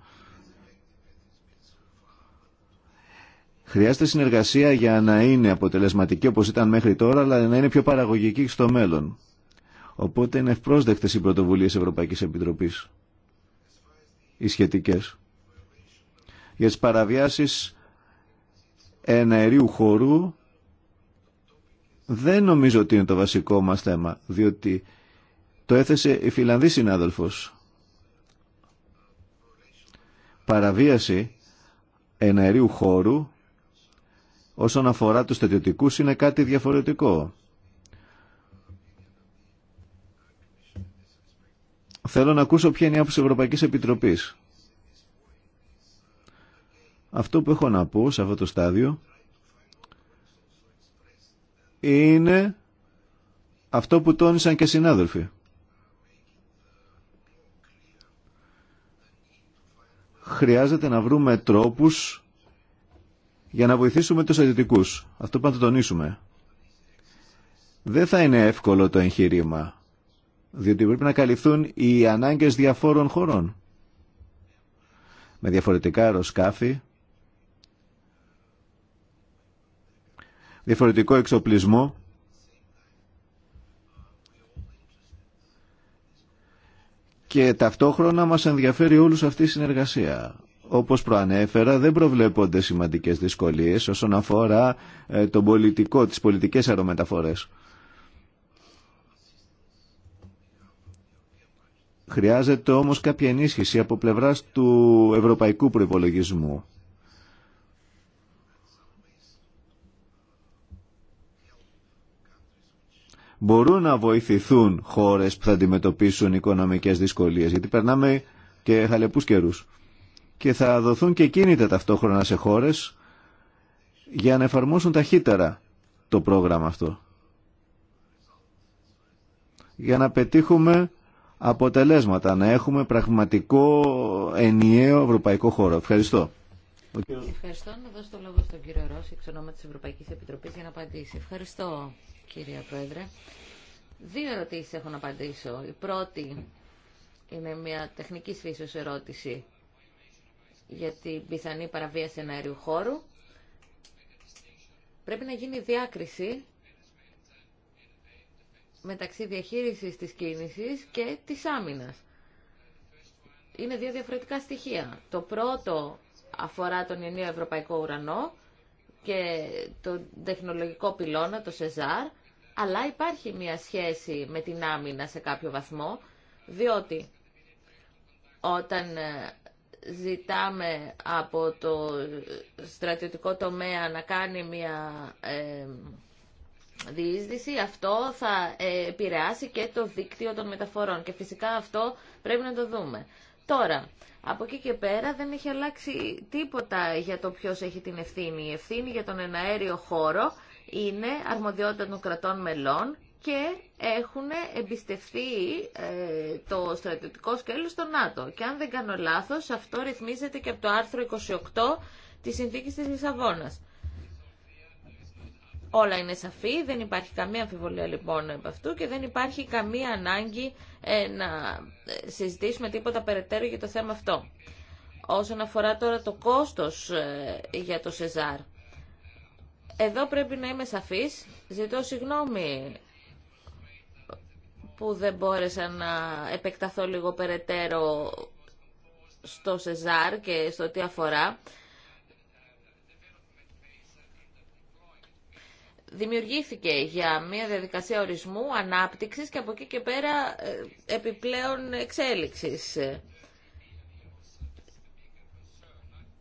Χρειάζεται συνεργασία για να είναι αποτελεσματική όπως ήταν μέχρι τώρα, αλλά να είναι πιο παραγωγική στο μέλλον. Οπότε είναι ευπρόσδεκτες οι πρωτοβουλίες Ευρωπαϊκής Επιτροπής, οι σχετικέ. Για τις παραβιάσεις εναερίου χώρου δεν νομίζω ότι είναι το βασικό μας θέμα, διότι το έθεσε η Φιλανδή συνάδελφος. Παραβίαση εναερίου χώρου όσον αφορά τους στρατιωτικούς είναι κάτι διαφορετικό. Θέλω να ακούσω ποια είναι η άποψη Ευρωπαϊκής Επιτροπής. Αυτό που έχω να πω σε αυτό το στάδιο είναι αυτό που τόνισαν και συνάδελφοι. χρειάζεται να βρούμε τρόπους για να βοηθήσουμε τους αιτητικούς. Αυτό πάντα τονίσουμε. Δεν θα είναι εύκολο το εγχείρημα, διότι πρέπει να καλυφθούν οι ανάγκες διαφόρων χωρών. Με διαφορετικά αεροσκάφη, διαφορετικό εξοπλισμό, και ταυτόχρονα μας ενδιαφέρει όλους αυτή η συνεργασία. Όπως προανέφερα δεν προβλέπονται σημαντικές δυσκολίες όσον αφορά ε, το πολιτικό, τις πολιτικές αερομεταφορές. Χρειάζεται όμως κάποια ενίσχυση από πλευράς του ευρωπαϊκού προϋπολογισμού μπορούν να βοηθηθούν χώρες που θα αντιμετωπίσουν οικονομικές δυσκολίες, γιατί περνάμε και χαλεπούς καιρούς. Και θα δοθούν και κίνητα ταυτόχρονα σε χώρες για να εφαρμόσουν ταχύτερα το πρόγραμμα αυτό. Για να πετύχουμε αποτελέσματα, να έχουμε πραγματικό ενιαίο ευρωπαϊκό χώρο. Ευχαριστώ. Ευχαριστώ. Να δώσω το λόγο στον κύριο Ρώση, εξ ονόματο τη Ευρωπαϊκής Επιτροπής, για να απαντήσει. Ευχαριστώ, κύριε Πρόεδρε. Δύο ερωτήσει έχω να απαντήσω. Η πρώτη είναι μια τεχνική φύσεως ερώτηση για την πιθανή παραβίαση αέριου χώρου. Πρέπει να γίνει διάκριση μεταξύ διαχείρισης της κίνησης και της άμυνας. Είναι δύο διαφορετικά στοιχεία. Το πρώτο αφορά τον ενίο ευρωπαϊκό ουρανό και τον τεχνολογικό πυλώνα, το ΣΕΖΑΡ, αλλά υπάρχει μια σχέση με την άμυνα σε κάποιο βαθμό, διότι όταν ε, ζητάμε από το στρατιωτικό τομέα να κάνει μια ε, διείσδυση, αυτό θα ε, επηρεάσει και το δίκτυο των μεταφορών και φυσικά αυτό πρέπει να το δούμε. Τώρα, από εκεί και πέρα δεν έχει αλλάξει τίποτα για το ποιος έχει την ευθύνη. Η ευθύνη για τον εναέριο χώρο είναι αρμοδιότητα των κρατών μελών και έχουν εμπιστευτεί ε, το στρατιωτικό σκέλος στο ΝΑΤΟ. Και αν δεν κάνω λάθος, αυτό ρυθμίζεται και από το άρθρο 28 της Συνθήκης της Λισαβόνας. Όλα είναι σαφή, δεν υπάρχει καμία αμφιβολία λοιπόν από αυτού και δεν υπάρχει καμία ανάγκη ε, να ε, συζητήσουμε τίποτα περαιτέρω για το θέμα αυτό. Όσον αφορά τώρα το κόστος ε, για το ΣΕΖΑΡ, εδώ πρέπει να είμαι σαφής. Ζητώ συγγνώμη που δεν μπόρεσα να επεκταθώ λίγο περαιτέρω στο ΣΕΖΑΡ και στο τι αφορά. δημιουργήθηκε για μια διαδικασία ορισμού, ανάπτυξης και από εκεί και πέρα ε, επιπλέον εξέλιξης.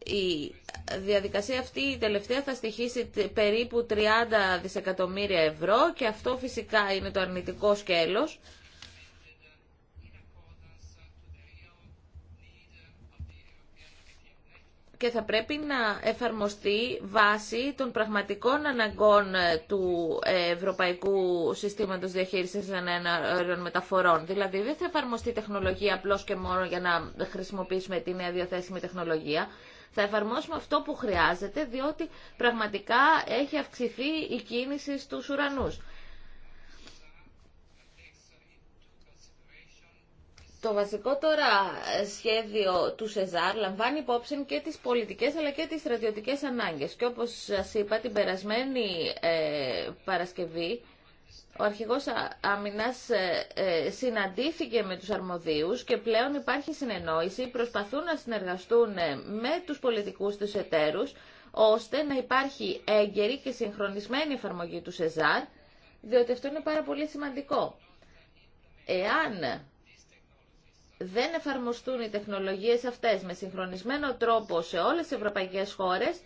Η διαδικασία αυτή η τελευταία θα στοιχήσει περίπου 30 δισεκατομμύρια ευρώ και αυτό φυσικά είναι το αρνητικό σκέλος. και θα πρέπει να εφαρμοστεί βάση των πραγματικών αναγκών ε, του ε, Ευρωπαϊκού Συστήματος Διαχείρισης Ενέργειων Μεταφορών. Δηλαδή δεν θα εφαρμοστεί τεχνολογία απλώς και μόνο για να χρησιμοποιήσουμε τη νέα διαθέσιμη τεχνολογία. Θα εφαρμόσουμε αυτό που χρειάζεται διότι πραγματικά έχει αυξηθεί η κίνηση στους ουρανούς. Το βασικό τώρα ε, σχέδιο του ΣΕΖΑΡ λαμβάνει υπόψη και τις πολιτικές αλλά και τις στρατιωτικές ανάγκες. Και όπως σας είπα την περασμένη ε, Παρασκευή, ο αρχηγός Αμυνάς ε, συναντήθηκε με τους αρμοδίους και πλέον υπάρχει συνεννόηση, προσπαθούν να συνεργαστούν με τους πολιτικούς τους εταίρους, ώστε να υπάρχει έγκαιρη και συγχρονισμένη εφαρμογή του ΣΕΖΑΡ, διότι αυτό είναι πάρα πολύ σημαντικό. Εάν δεν εφαρμοστούν οι τεχνολογίες αυτές με συγχρονισμένο τρόπο σε όλες τις ευρωπαϊκές χώρες,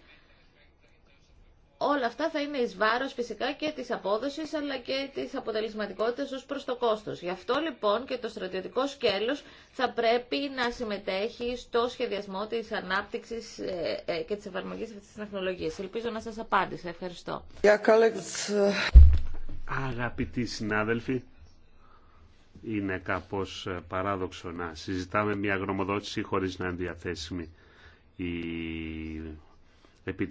όλα αυτά θα είναι εις βάρος φυσικά και της απόδοσης αλλά και της αποτελεσματικότητας ως προς το κόστος. Γι' αυτό λοιπόν και το στρατιωτικό σκέλος θα πρέπει να συμμετέχει στο σχεδιασμό της ανάπτυξης ε, ε, και της εφαρμογής αυτής της τεχνολογίας. Ελπίζω να σας απάντησα. Ευχαριστώ. Αγαπητοί συνάδελφοι, είναι κάπως ε, παράδοξο να συζητάμε μια γνωμοδότηση χωρίς να είναι διαθέσιμη η επί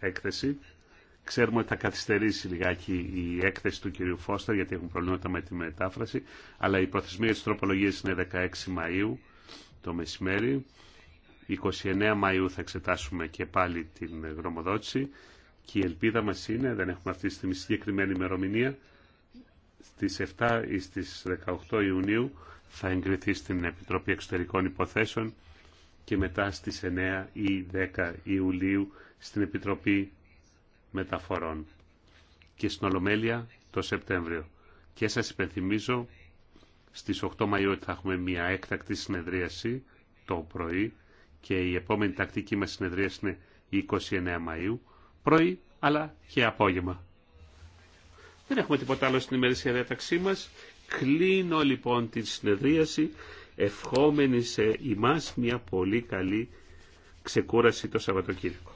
έκθεση. Ξέρουμε ότι θα καθυστερήσει λιγάκι η έκθεση του κυρίου Φώστα γιατί έχουν προβλήματα με τη μετάφραση, αλλά η προθεσμία της τροπολογίας είναι 16 Μαΐου το μεσημέρι. 29 Μαΐου θα εξετάσουμε και πάλι την γνωμοδότηση και η ελπίδα μας είναι, δεν έχουμε αυτή τη στιγμή συγκεκριμένη ημερομηνία, στις 7 ή στις 18 Ιουνίου θα εγκριθεί στην Επιτροπή Εξωτερικών Υποθέσεων και μετά στις 9 ή 10 Ιουλίου στην Επιτροπή Μεταφορών και στην Ολομέλεια το Σεπτέμβριο. Και σας υπενθυμίζω στις 8 Μαΐου ότι θα έχουμε μια έκτακτη συνεδρίαση το πρωί και η επόμενη τακτική μας συνεδρίαση είναι 29 Μαΐου πρωί αλλά και απόγευμα. Δεν έχουμε τίποτα άλλο στην ημερήσια διάταξή μας. Κλείνω λοιπόν την συνεδρίαση ευχόμενη σε εμά μια πολύ καλή ξεκούραση το Σαββατοκύριακο.